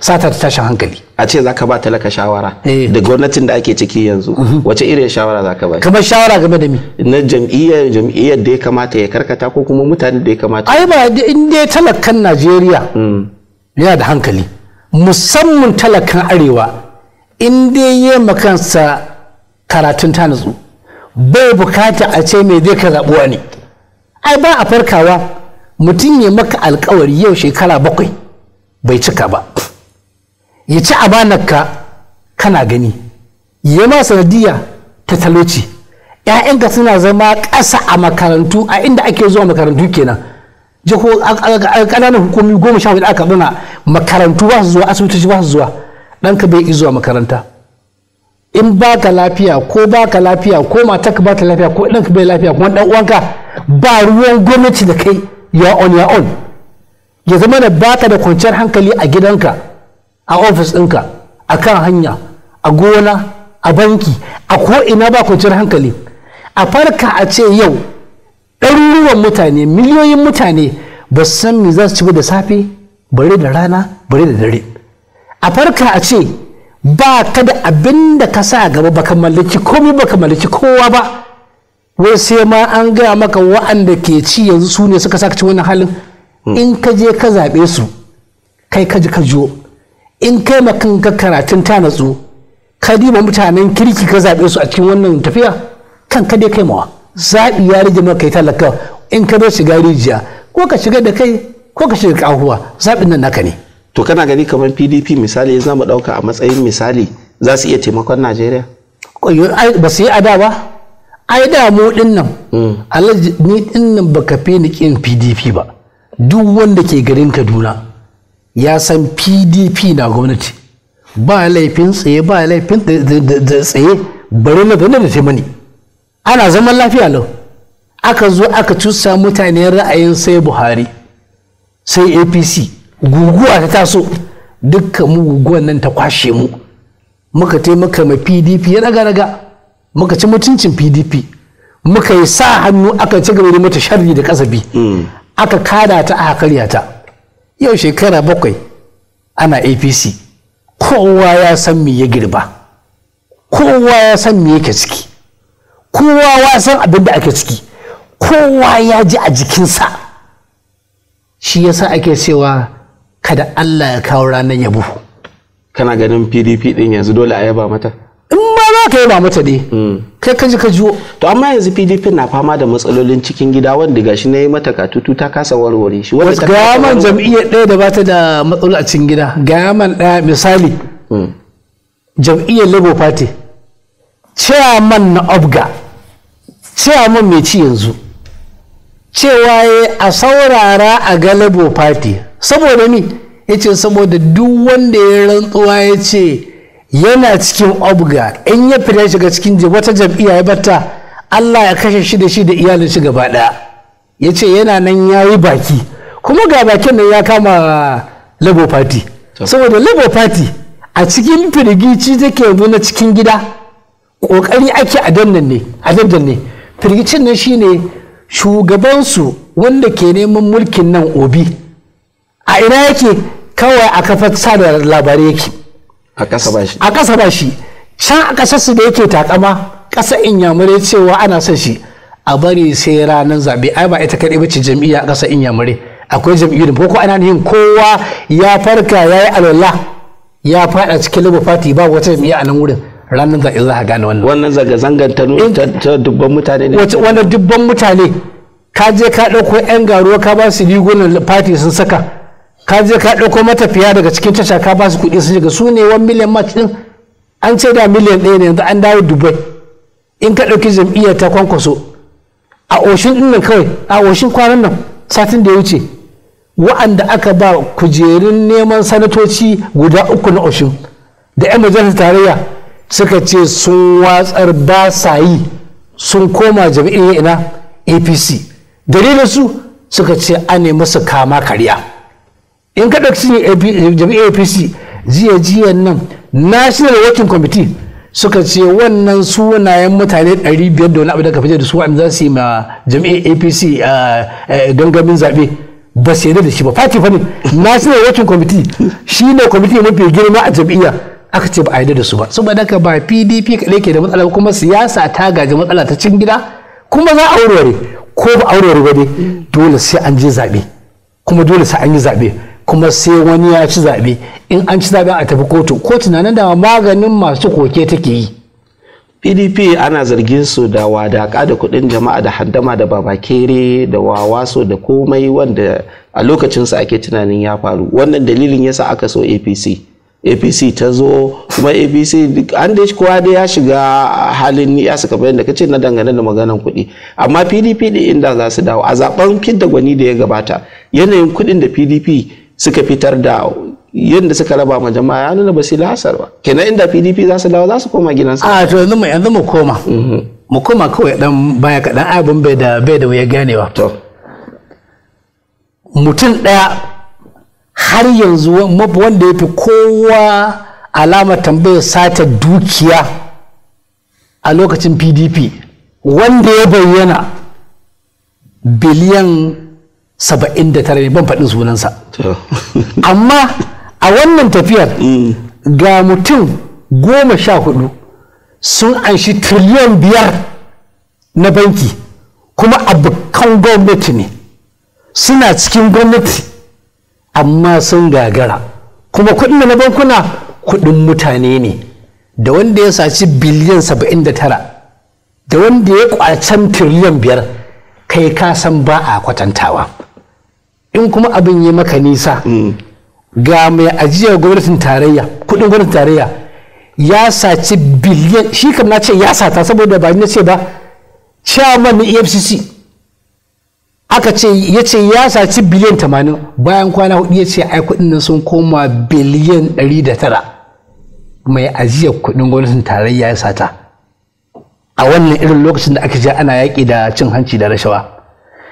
sata tashin hankali a ce zaka ba talaka shawara eh. da gwamnatin da ake ciki yanzu mhm. wace irin shawara zaka ba kamar shawara game da mi na jam'iyyar jam'iyyar da ya kamata ya karkata ko kuma mutane da ya kamata ai ba in dai talakan Najeriya mm. yana da hankali musamman talakan arewa in dai ya makansa karatun ta nutsu bai bukata a ce me zai ka zabuwa ne ai ba a farkawa mutum ya maka alkawari yau shekara bakwai bai cika ba ya ci amanarka kana gani ya ma sanadiyya ta talauci ‘ya'yanka suna zama ƙasa a makarantu a inda ake zuwa makarantu kenan jiho ƙananan hukumi goma sha hudu aka nuna makarantu ba su zuwa asibitoci ba su zuwa ɗanka bai zuwa makaranta in ba ka lafiya ko ba ka lafiya ko ka ba ta lafiya ko ɗanka bai lafiya ko ɗan uwanka ba ruwan gwamnati da kai ya on ya on ya zama da ba ka da kwanciyar hankali a gidanka a ofis ɗinka a kan hanya a gona a banki a ko'ina ba kwanciyar hankali a farka a ce yau ɗaruruwan mutane miliyoyin mutane ba san me za su ci da safe bare da rana bare da dare a farka a ce ba ka da abin da ka sa gaba ba ka mallaki komai ba ka mallaki kowa ba wai sai ma an gaya maka wa'anda ke ci yanzu su ne suka saka ci wannan halin hmm. in ka je ka zaɓe su kai ka ji ka jiyo in kai makan ka karatun ta natsu ka diba mutanen kirki ka zaɓe su a cikin wannan tafiya kan ka dai kai mawa zaɓi ya rage maka talaka in ka zo shiga rijiya ko ka shiga da kai ko ka shiga kahuwa zaɓin nan naka ne to kana gani kamar pdp misali za mu ɗauka a matsayin misali za su iya taimakon najeriya ba su yi ada ba ai da mu din nan hmm. alhaji ni din nan baka fi ni kin pdp ba duk wanda ke garin kaduna ya san pdp na gwamnati ba laifin tsaye ba laifin da tsaye bari na da taimani ana zaman lafiya lau aka zo aka cusa mutane ra'ayin sai buhari sai apc guguwa ta taso dukkan mu guguwan nan ta kwashe mu muka taimaka ma pdp ya raga-raga muka ci mutuncin pdp muka yi sa hannu aka ci gaba da mata sharri da kasafi hmm. aka kada ta a hakariyata ta yau shekara bakwai ana apc kowa ya san me ya girba kowa ya san me yake ciki kowa ya san abin da ake ciki kowa ya ji a jikinsa shi yasa ake cewa kada allah ya kawo ranar yabu. kana ganin pdp din yanzu dole a yaba mata za ka yaba mata ne mm. kai ka ji ka juwo. to amma yanzu pdp na fama da matsalolin cikin gida wanda gashi na yi mata katutu ta kasa warware shi wanda ta kasa man jam'iyya ɗaya da bata da matsaloli a cikin gida ga man ɗaya misali mm. jam'iyyar labour party chairman na obga chairman mai ci yanzu cewa a saurara a ga labour party saboda ni ya ce saboda duk wanda ya rantsuwa ya ce yana cikin obga in ya fita shiga cikin wata jam'iyya ya batta Allah ya kashe shi da shi da iyalin shi gaba daya. ya ce yana nan ya yi baki kuma ga bakin nan ya kama uh, labo party saboda labo party a cikin firgici take yanzu na cikin gida kokari ake a dandan ne firgicin nan shine shugabansu wanda ke neman mulkin nan obi a ina yake kawai a kafar sada labarai yake a kasa ba shi can a su da yake takama kasa inyamurai cewa ana son shi a bari sai ranar zaɓe ai ba ita kaɗai bace jam'iyya a kasa inyamurai akwai jam'iyyar ko ko ana yin kowa ya farka ya yi alwala ya faɗa cikin lubu fati ba wata jam'iyya a nan wurin ranar zaɓe za a gane wannan wannan zanga-zangar ta dubban mutane ne wannan dubban mutane ka je ka ɗauko 'yan garuwa ka ba su rigunan fati sun saka ka je ka ɗauko matafiya daga cikin tasha ka ba su kuɗi sun shiga su ne 1 million match ɗin an ce da miliyan ɗaya ne yanzu an dawo dubai in ka ɗauki jam'iyya ta kwankwaso a oshin ɗin nan kawai a oshin kwanan nan satin da ya wuce wa'anda aka ba kujerun neman sanatoci guda uku na oshin da 'yan majalisar tarayya suka ce sun watsar ba sa yi sun koma jam'iyyar ina apc dalilin su suka ce an nemi su kama karya in ka ɗauki sun eh, jami'a apc jiya jiyan nan national working committee suka ce wannan sunayen mutane 500 da wani abu da ka fice da su wanda za su yi ma jami'a apc eh, eh, gangamin zaɓe ba su yadda da shi ba fati fa ne national working committee shi ne kwamiti mafi girma a jam'iyya aka ce ba a yadda da su ba ba ka ba pdp kaɗai ke da matsala kuma siyasa ta gaji matsala ta cin gida kuma za a warware ko ba a ba dole sai an je zaɓe kuma dole sai an yi zaɓe kuma sai wani ya ci zaɓe in an ci zaɓe a tafi kotu kotu na nan da maganin masu koke take yi pdp ana zargin su da wadaka da kuɗin jama'a da haddama da babakere da wawaso da komai wanda a lokacinsa ake tunanin ya faru wannan dalilin yasa aka so apc apc ta zo kuma apc an da kowa da ya shiga halin ya suka bayan da kace na dangane da maganan kuɗi amma pdp da inda za su dawo a zaben fidda gwani da ya gabata yanayin kuɗin da pdp suka fitar da yadda suka raba ma jama'a ya nuna ba su lasar ba kenan inda pdp za su dawo za su koma gidansa. a to yanzu mu yanzu mu koma mhm. mu koma kawai dan baya kaɗan abin bai da bai da wuya ganewa to mutum ɗaya har yanzu wanda ya fi kowa alamar tambayar sata dukiya a lokacin pdp wanda ya bayyana biliyan saba'in da tara ne ban faɗin sunansa amma a wannan tafiyar mm. ga mutum goma sha hudu sun anshi triliyan biyar na banki kuma abokan gwamnati ne suna cikin gwamnati amma sun gagara kuma kuɗin na bankuna kuɗin mutane ne da wanda ya saci biliyan saba'in da tara da wanda ya kwacen triliyan biyar kai ka san ba a kwatantawa in kuma abin yi maka nisa mm. ga mai ajiyar gwamnatin tarayya kudin gwamnatin tarayya ya saci biliyan shi kam na ce ya sata saboda ba na ce ba chairman na efcc aka ce ya ce ya saci biliyan tamanin bayan kwana hudu ya ce ai kudin nan sun koma biliyan ɗari da tara mai ajiyar kudin gwamnatin tarayya ya sata a wannan irin lokacin da aka je ana yaƙi da cin hanci da rashawa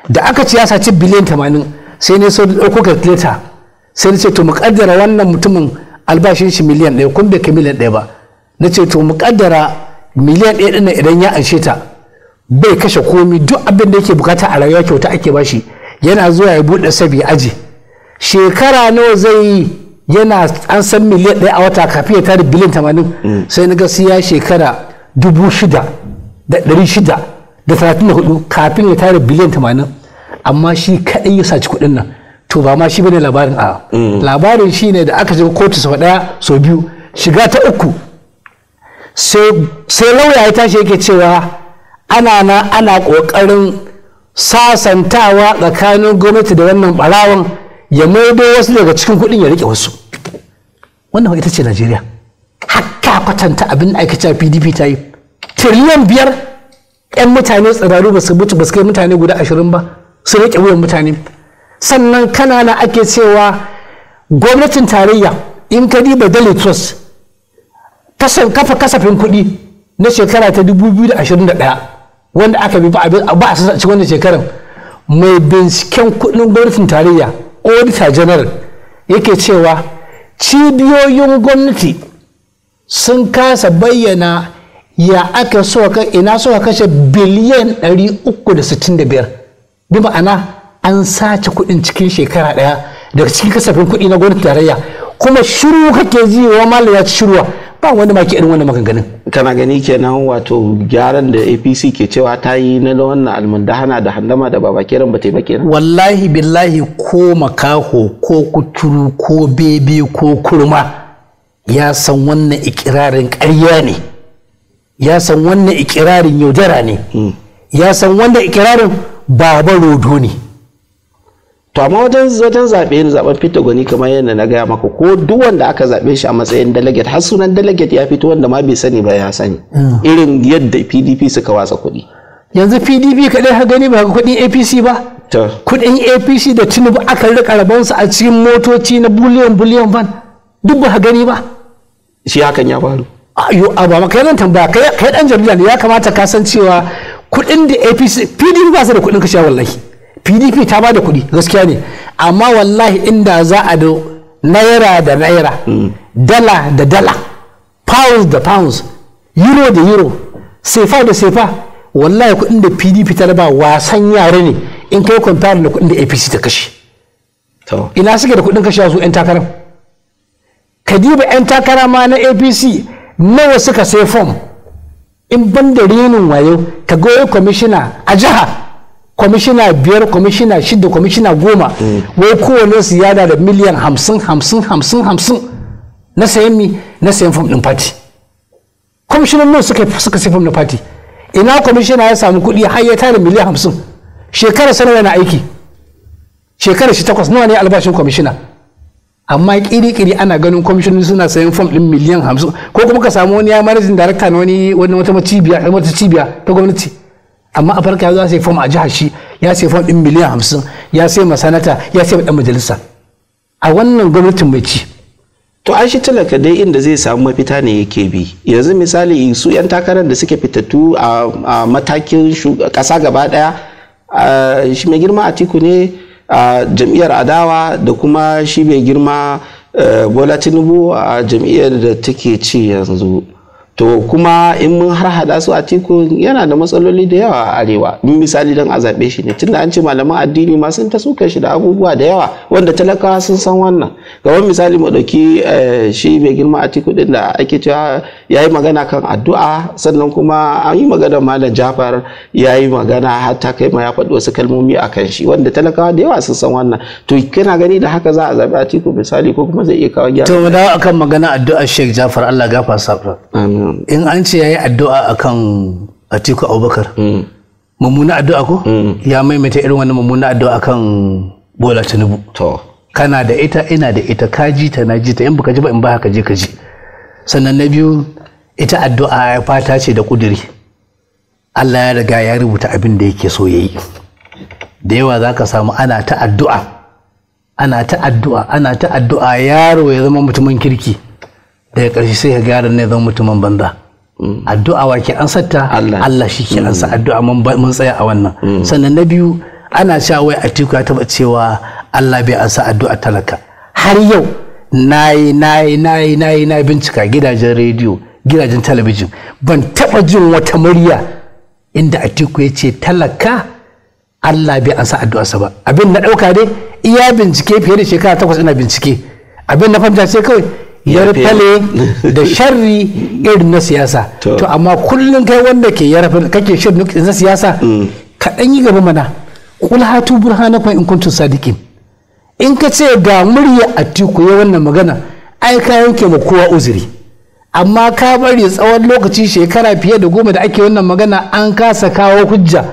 da aka ce ya saci biliyan tamanin sai ne so ɗauko calculator sai na ce to mu kaddara wannan mutumin albashin shi miliyan ɗaya kun bai kai miliyan ɗaya ba na ce to mu kaddara miliyan ɗaya ɗin idan ya anshe ta bai kashe komi duk abin da yake bukata a rayuwa kyauta ake bashi yana zuwa ya buɗe sabi aji shekara nawa zai yi yana an san miliyan ɗaya a wata kafin ya tare biliyan tamanin mm. sai na siya shekara dubu shida da ɗari shida da talatin da hudu kafin ya tare biliyan tamanin amma shi kaɗai ya saci kuɗin nan to ba ma shi bane labarin a mm. labarin shi ne da aka je kotu sau ɗaya sau biyu shiga ta uku sai lauya ya tashi yake cewa ana na ana ƙoƙarin sasantawa tsakanin gwamnati da wannan barawon ya maido wasu daga cikin kuɗin ya rike wasu wannan ita ce najeriya hakka kwatanta abin da aka pdp ta yi tiriliyan biyar 'yan mutane tsararru ba su mutu ba su kai mutane guda ashirin ba su rike wuyan mutane sannan kanana ake cewa gwamnatin tarayya in ka diba daily trust kafa kasafin kuɗi na shekara ta 2021 wanda aka bi ba a sassa wannan shekarar mai binciken kuɗin gwamnatin tarayya auditor general yake cewa cibiyoyin gwamnati sun kasa bayyana ya aka ka ina soka kashe biliyan 365 bi ma'ana an sace kuɗin cikin shekara ɗaya daga cikin kasafin kuɗi na gwamnatin tarayya kuma shiru kake ji wa malam ya ci shiruwa ba wani maki irin wannan maganganun kana gani kenan wato gyaran da APC ke cewa ta yi na wannan almundahana da handama da kiran ba taimake kenan wallahi billahi ko makaho ko kuturu ko bebe ko kurma ya san wannan ikirarin ƙarya ne ya san wannan ikirarin yaudara ne hmm. ya san wannan ikirarin baba rodo ne to amma wajen wajen zaɓe ni zaɓen fito gwani kamar yadda na gaya maka ko duk wanda aka zaɓe shi a matsayin delegate har sunan delegate ya fito wanda ma bai sani ba ya sani mm. irin yadda pdp suka watsa kuɗi yanzu pdp kaɗai har gani ba kuɗin apc ba kuɗin apc da tinubu aka riƙa rabonsa a cikin motoci na biliyan biliyan ban duk ba gani ba shi hakan ya faru ayo a ba maka nan tambaya kai dan jarida ne ya kamata ka san cewa kuɗin da apc pdp ba su da kuɗin kashe wallahi pdp ta ba da kuɗi gaskiya ne amma wallahi inda za a da naira da naira dala da dala pounds da pounds euro da euro sefa da sefa wallahi kuɗin da pdp ta ba wasan yare ne in kai kwamfani da kuɗin da apc ta kashe ina suke da kuɗin kashe su 'yan takara kadiba 'yan takara ma na apc nawa suka sai fom in ban da renin wayo ka goyi kwamishina a jiha kwamishina biyar kwamishina shida kwamishina goma wai kowane su yada da miliyan hamsin hamsin hamsin hamsin na sayan mi na sayan fom din fati kwamishinan nan suka suka sai fom din fati ina kwamishina ya samu kuɗi har ya tara miliyan hamsin shekara sanarwa na aiki shekara shi takwas nawa ne albashin kwamishina amma kiri-kiri ana ganin kwamishinan suna sayan fom din miliyan hamsin ko kuma ka samu wani ya manajin darakta na wani wata cibiya wata cibiya ta gwamnati amma a farka ya sai fom a jihar shi ya sai fom din miliyan hamsin ya sai masanata ya sai dan majalisa a wannan gwamnatin mai ci to an shi talaka dai inda zai samu mafita ne yake bi yanzu misali su yan takarar da suke fitattu a matakin kasa gaba daya shi mai girma atiku ne a jam'iyyar adawa da kuma shi mai girma eh, bola tinubu a jam'iyyar da take ci yanzu to kuma in mun har hada su a tiku yana da matsaloli da yawa a arewa ni misali don a zaɓe shi ne tunda an ce malaman addini ma sun ta suka shi da abubuwa da yawa wanda talakawa sun san wannan ga wani misali mu ɗauki eh, shi mai girma a tiku din da ake cewa ya magana kan addu'a sannan kuma an yi magana malam jafar ya yi magana har ta kai ma ya faɗi wasu kalmomi a kan shi wanda talakawa da yawa sun san wannan to kina gani da haka za a zaɓi a tiku misali ko kuma zai iya kawo gyara. to mu dawo akan magana addu'a sheikh jafar allah gafa safra. amin. in an ce ya yi addu'a a kan Atiku Abubakar mm. mummuna addu'a ko mm. ya maimaita irin wani mummuna addu'a kan Bola Tinubu to kana da ita ina da ita ka ji ta na ji ta in baka ji ba in ba haka je ka ji sannan na biyu ita addu'a fata ce da kuduri Allah ya riga ya rubuta abin da yake so yayi da yawa za ka samu ana ta addu'a ana ta addu'a ana ta addu'a yaro ya zama mutumin kirki daga ƙarshe sai ka gyara ne zan mutumin banza addu'a wa ke ansarta Allah shi ke ansa mm. addu'a mun tsaya a wannan mm. sannan na biyu ana cewa wai Atiku ya taba cewa Allah bai ansa addu'a talaka har yau nayi nayi nayi nayi na bincika gidajen rediyo gidajen talabijin ban taba jin wata murya inda Atiku ya ce talaka Allah bai ansa sa ba abin na dauka dai iya bincike fiye da shekara takwas ina bincike abin na fahimta ce kawai yarfale da sharri irin na siyasa to amma kullum kai wanda ke yarfale kake shirin na siyasa mm. kaɗan yi gaba mana kul hatu burhanakum in kuntum sadiqin in ka ce ga murya atiku ya wannan magana ai ka yanke ma kowa uzuri amma ka bari tsawon lokaci shekara fiye da goma da ake wannan magana an kasa kawo hujja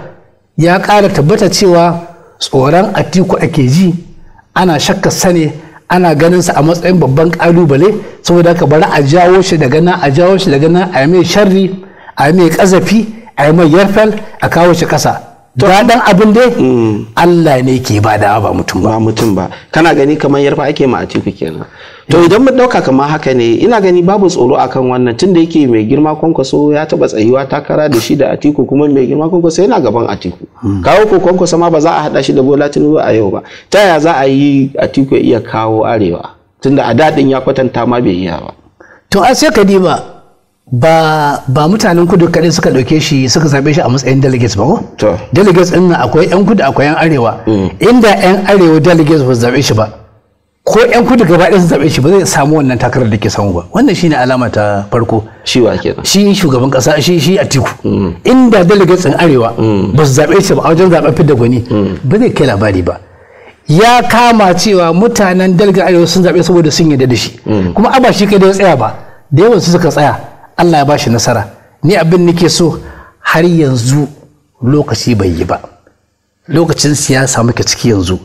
ya ƙara tabbata cewa tsoron atiku ake ji ana shakka sane ana ganin sa a matsayin babban kalubale saboda haka bari a jawo shi daga nan a jawo shi daga nan a yi mai sharri a yi mai kazafi a yi mai yarfel a kawo shi kasa dan abin dai hmm. Allah ne ke ba da ba mutum ba mutum ba kana gani kamar yarfa ake ma a tiku kenan to idan mun ɗauka kamar haka ne ina gani babu tsoro akan wannan Tunda yake mai girma kwankwaso ya taba tsayuwa takara da shi da atiku kuma mai girma kwankwaso yana gaban atiku hmm. kawo ko kwankwaso ma ba za a haɗa shi da bola tinubu a yau ba ta yaya za a yi atiku ya iya kawo arewa tunda a daɗin ya kwatanta ma bai iya ba to a sai kadima ba ba mutanen kudu kaɗai suka ɗauke shi suka zaɓe shi a matsayin delegates ba ko delegates ɗin akwai yan kudu akwai yan arewa mm. inda yan arewa delegates ba zaɓe shi ba ko yan kudu gaba ɗaya su zaɓe shi ba zai samu wannan takarar da ke samu ba wannan shine alama ta farko shi wa kenan shi shugaban ƙasa shi shi tiku mm. inda delegates ɗin arewa mm. ba su zaɓe shi ba a wajen zaɓen fidda gwani ba zai kai labari ba ya kama cewa mutanen delegates arewa sun zaɓe saboda sun yarda da shi kuma ba shi kai da ya tsaya ba da yawan su suka tsaya Allah ya ba shi nasara ni abin nake so har yanzu lokaci bai yi ba lokacin siyasa muke ciki yanzu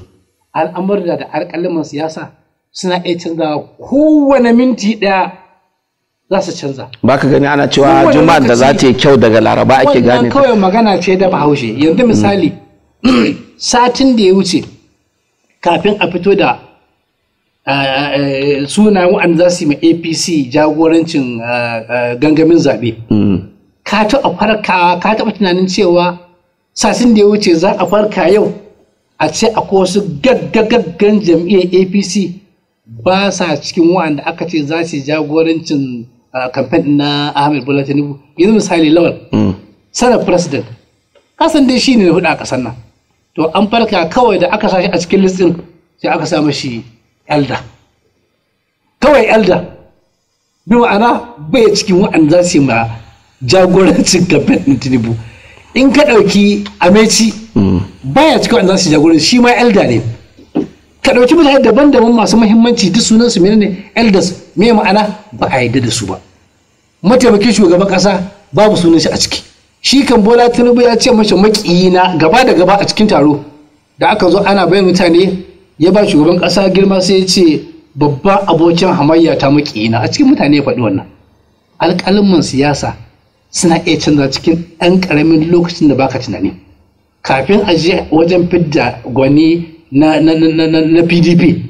al'amurra da alkalaman siyasa suna iya canza kowane minti daya za su canza ba ka gani ana cewa juma'a da za ta yi kyau daga laraba ake gane ta kawai magana ce da bahaushe yanzu misali satin da ya wuce kafin a fito da Ah, eh, suna wa'anda za su yi ma apc jagorancin ah, ah, gangamin zaɓe mm. ka taɓa farka ka taɓa tunanin cewa satin da ya wuce za a farka yau a ce akwai wasu gaggaggan jam'iyyar apc ba sa cikin wa'anda aka ce za su jagorancin kamfen na ahmed bola tinubu yanzu misali lawal mm. sanar president kasan dai shi ne na hudu a kasan nan to an farka kawai da aka sa shi a cikin listin sai aka sa mashi elder kawai elder bi ma'ana bai cikin waɗanda za su yi ma jagorancin kamfen tinubu in ka ɗauki ameci hmm. baya cikin waɗanda za su jagoranci shi ma elder ne ka ɗauki mutane daban-daban masu muhimmanci duk sunan su menene elders me ma'ana ba a yadda da su ba mataimakin shugaban ƙasa babu sunan shi a ciki shi kan bola tinubu ya ce makiyi na gaba da gaba a cikin taro da aka zo ana bayan mutane ya ba shugaban ƙasa girma sai ya ce babba abokin hamayya ta maƙina a cikin mutane ya faɗi wannan alƙalin siyasa suna iya canza cikin ɗan ƙaramin lokacin da baka tunani kafin a je wajen fidda gwani na, pdp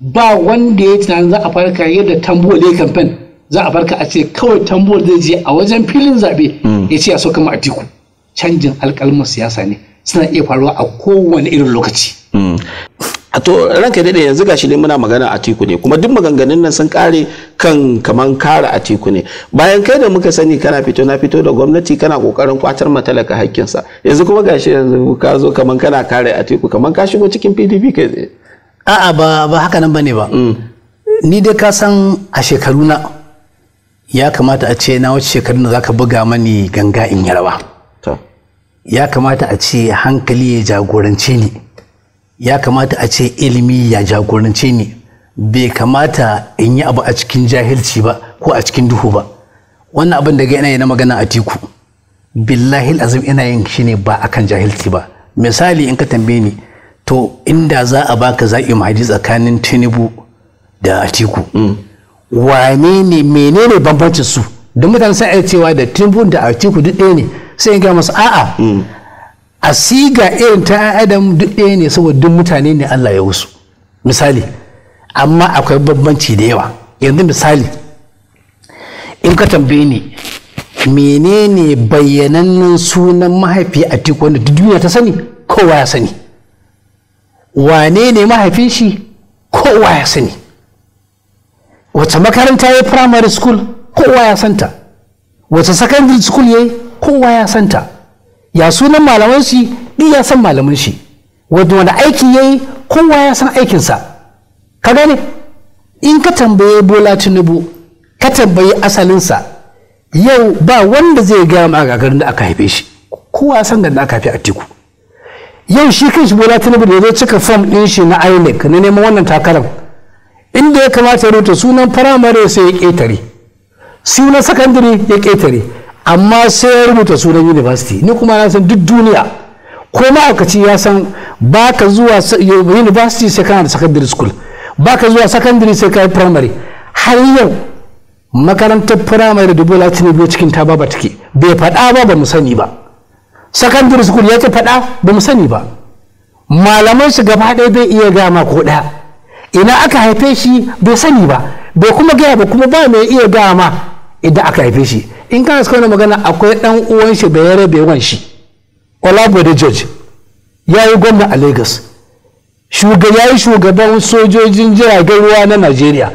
ba wanda ya tunanin za a farka yadda tambuwal ya za a farka a ce kawai tambuwa zai je a wajen filin zaɓe hmm. ya ce a so kama a tiku canjin alƙalmin siyasa ne suna iya faruwa a kowane irin lokaci hmm. A to ranka daɗe yanzu gashi ne muna magana a tiku ne kuma duk maganganun nan sun kare kan kaman kara a tiku ne bayan kai da muka sani kana fito na fito da gwamnati kana kokarin kwatar matalaka hakkinsa yanzu kuma gashi yanzu ka zo kaman kana kare a tiku kaman ka shigo cikin pdp kai tsaye a'a ba ba haka nan bane ba mm. ni dai ka san a shekaru na ya kamata a ce na wace shekarun da zaka buga mani ganga in yarwa ya kamata a ce hankali ya jagorance ni ya kamata a ce ilimi ya jagorance ni bai kamata in yi abu a cikin jahilci ba ko a cikin duhu ba wannan abin daga yanayi na magana a tiku billahi azim ina yin shi ne ba akan jahilci ba misali in ka tambaye ni to inda za a baka zaɓi mahadi tsakanin tinubu da atiku mm. wane ne menene bambancin su don mutane sai a cewa da tinubu da atiku duk ɗaya ne sai in gaya masu a'a mm. a siga irin ta adam duk ɗaya ne saboda duk mutane ne Allah ya wasu misali amma akwai bambanci da yawa yanzu misali in ka tambaye ni menene bayyanannen sunan mahaifi a tiku wanda duniya ta sani kowa ya sani wane ne mahaifin shi kowa ya sani wace makaranta ya primary school kowa ya santa wace secondary school ya kowa ya santa ya sunan malaman shi ɗi ya san malamin shi wanda wani aiki ya yi kowa ya san aikinsa ka gane in ka tambaye bola tinubu ka tambayi asalinsa yau ba wanda zai gaya ma ga garin da aka haife shi kowa san da aka haife a tiku yau shi kanshi bola tinubu da zai cika fam ɗin shi na inec na neman wannan takarar inda ya kamata ya rubuta sunan firamare sai ya ƙetare sunan sakandare ya ketare. amma sai ya rubuta sunan university ni kuma na san duk duniya ko ma'aikaci ya san ba ka zuwa university sai kana da secondary school ba ka zuwa secondary sai ka yi primary har yau makarantar primary da bola biyu cikin ta baba take bai faɗa ba ba mu sani ba secondary school ya ce faɗa ba mu sani ba malaman su gaba ɗaya bai iya gama ko ɗaya ina aka haife shi bai sani ba bai kuma gaya ba kuma ba mai iya gama idan aka haife shi in kana suka wani magana akwai dan uwan shi da ya rabe wan shi olabode george ya yi gwamna a lagos ya yi shugaban sojojin jiragen ruwa na nigeria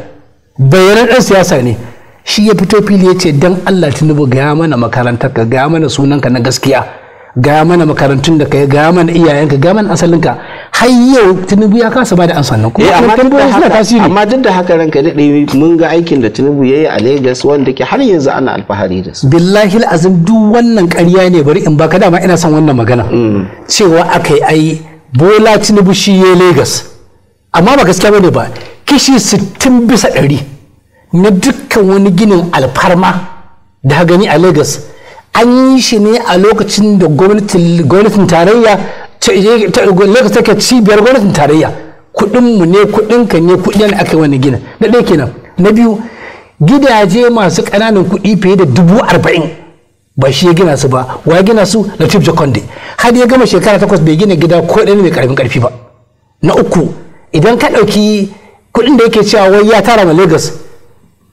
bayanan 'dan siyasa ne shi ya fito fili ya ce dan allah tinubu gaya mana makarantar ka gaya mana sunanka na gaskiya ga mana makarantun da kai ga mana iyayenka ga mana asalinka har yau tinubu ya kasa da an sannan kuma eh, amma duk da haka tasiri amma duk da haka ranka dade mun ga aikin da tinubu yayi a Lagos wanda ke har yanzu ana alfahari da su billahi azim duk wannan ƙarya ne bari in baka dama ina son wannan magana mm. cewa akai ai Bola Tinubu shi ya Lagos amma ba gaskiya bane ba kishi 60 bisa 100 na dukkan wani ginin alfarma da gani a Lagos an yi shi ne a lokacin da gwamnatin tarayya lokacin take cibiyar gwamnatin tarayya kudinmu ne ka ne kudin aka wani gina na ɗaya kenan na biyu gidaje masu ƙananan kuɗi fiye da dubu arba'in ba shi ya gina su ba wa ya gina su na latif jakonde har ya gama shekara takwas bai gina gida ko ɗaya mai ƙarfin ƙarfi ba na uku idan ka ɗauki kuɗin da yake cewa wai ya tara ma lagos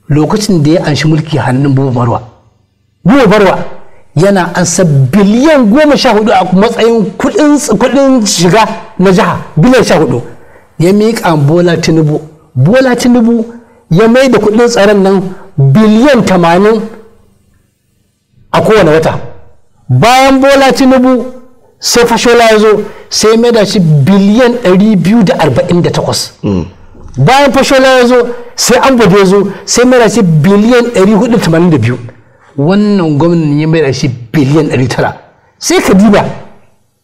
lokacin da ya anshi mulki hannun buba barwa buwa barwa yana ansa biliyan goma sha hudu a matsayin kudin shiga na jiha biliyan sha hudu ya miƙa bola tinubu bola tinubu ya mai da kudin tsaron nan biliyan tamanin a kowane wata bayan bola tinubu sai fashola ya zo sai mai da shi biliyan 248 mm. bayan fashola ya zo sai an ya zo sai mai da shi biliyan biyu. wannan gwamnan ya mai da shi biliyan 900 sai ka diba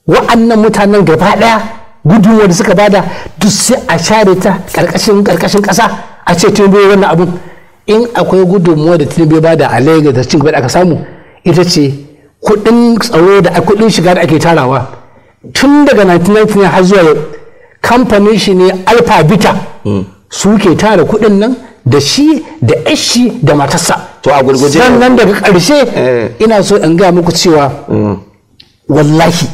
wa'annan mutanen gaba daya gudunwar da suka bada duk sai a share ta karkashin karkashin kasa a ce bai wannan abun. in akwai gudunmuwa da bai bada a lega da cin gaba da aka samu ita ce kudin tsaro da kudin shiga da ake tarawa tun daga 1999 har zuwa yau kamfanin shi ne alfa suke tara kudin nan da shi da shi da matasa. to a gurguje sannan daga karshe. Eh. ina so in ga muku cewa wallahi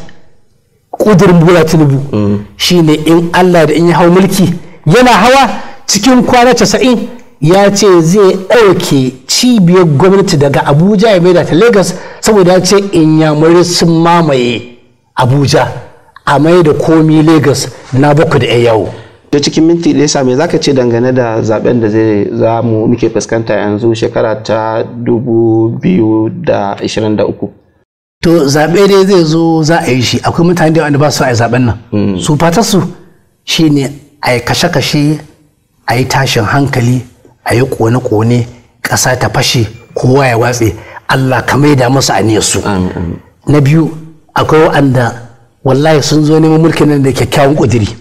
ƙudurin bula tinubu mm. shine in allah da in ya hau mulki yana hawa cikin kwana casa'in ya ce zai ɗauke cibiyar gwamnati daga abuja ya maida ta lagos saboda ya ce in ya sun mamaye abuja a mai da komi lagos na baku da yawo da cikin minti ɗaya same za ka ce dangane da zaben da zai za mu muke fuskanta yanzu shekara ta 2023 to zaɓe dai zai zo za a yi shi akwai mutane da wanda ba su a zaben nan hmm. su fatar su shine a yi kashe-kashe a yi tashin hankali a yi kone-kone ƙasa ta fashe kowa ya watse Allah ka da musu aniyar su na biyu akwai waɗanda wallahi sun zo neman mulkin nan da kyakkyawan ƙudiri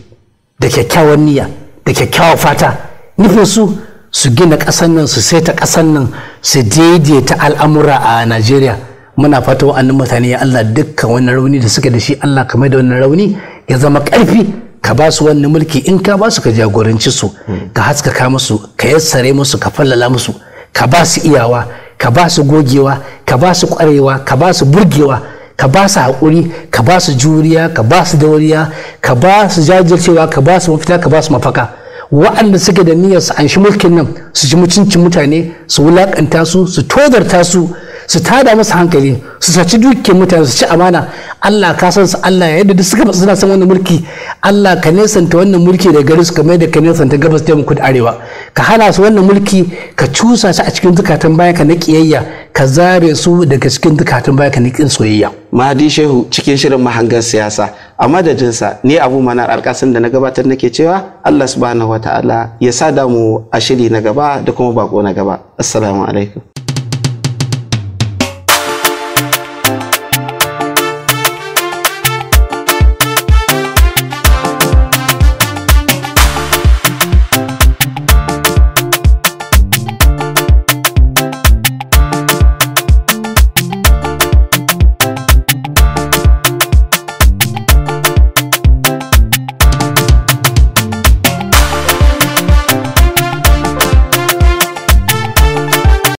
da kyakkyawan niyya da kyakkyawan fata nufin su su gina kasan nan su saita ƙasan nan su daidaita al'amura a najeriya muna fata wa'annan mutane ya allah dukkan wannan rauni da suka da shi allah kamar da wannan rauni ya zama ƙarfi ka ba su wannan mulki in ka ba su ka jagoranci su ka haskaka musu ka yassare musu ka fallala musu ka ba su iyawa ka ba su gogewa ka ba su ƙwarewa ka ba su burgewa ka ba su haƙuri ka ba su juriya ka ba su dauriya ka ba su jajircewa ka ba su mafita ka ba su mafaka wa'anda suke da niyyar su anshi mulkin nan su ji mutuncin mutane su wulaƙanta su su tozarta su su tada masa hankali su saci dukkan mutane su ci amana Allah ka san su Allah ya yadda suka suna san wannan mulki Allah ka nesanta wannan mulki da gari su kamar da ka nesanta gabas da kudu arewa ka hana su wannan mulki ka cusa su a cikin zukatan baya ka na kiyayya ka zare su daga cikin zukatan baya ka na kin soyayya Mahadi Shehu cikin shirin mahangar siyasa a madadinsa ni Abu Manar alkasin da na gabatar nake cewa Allah subhanahu wataala ya sa damu a shiri na gaba da kuma bako na gaba assalamu alaikum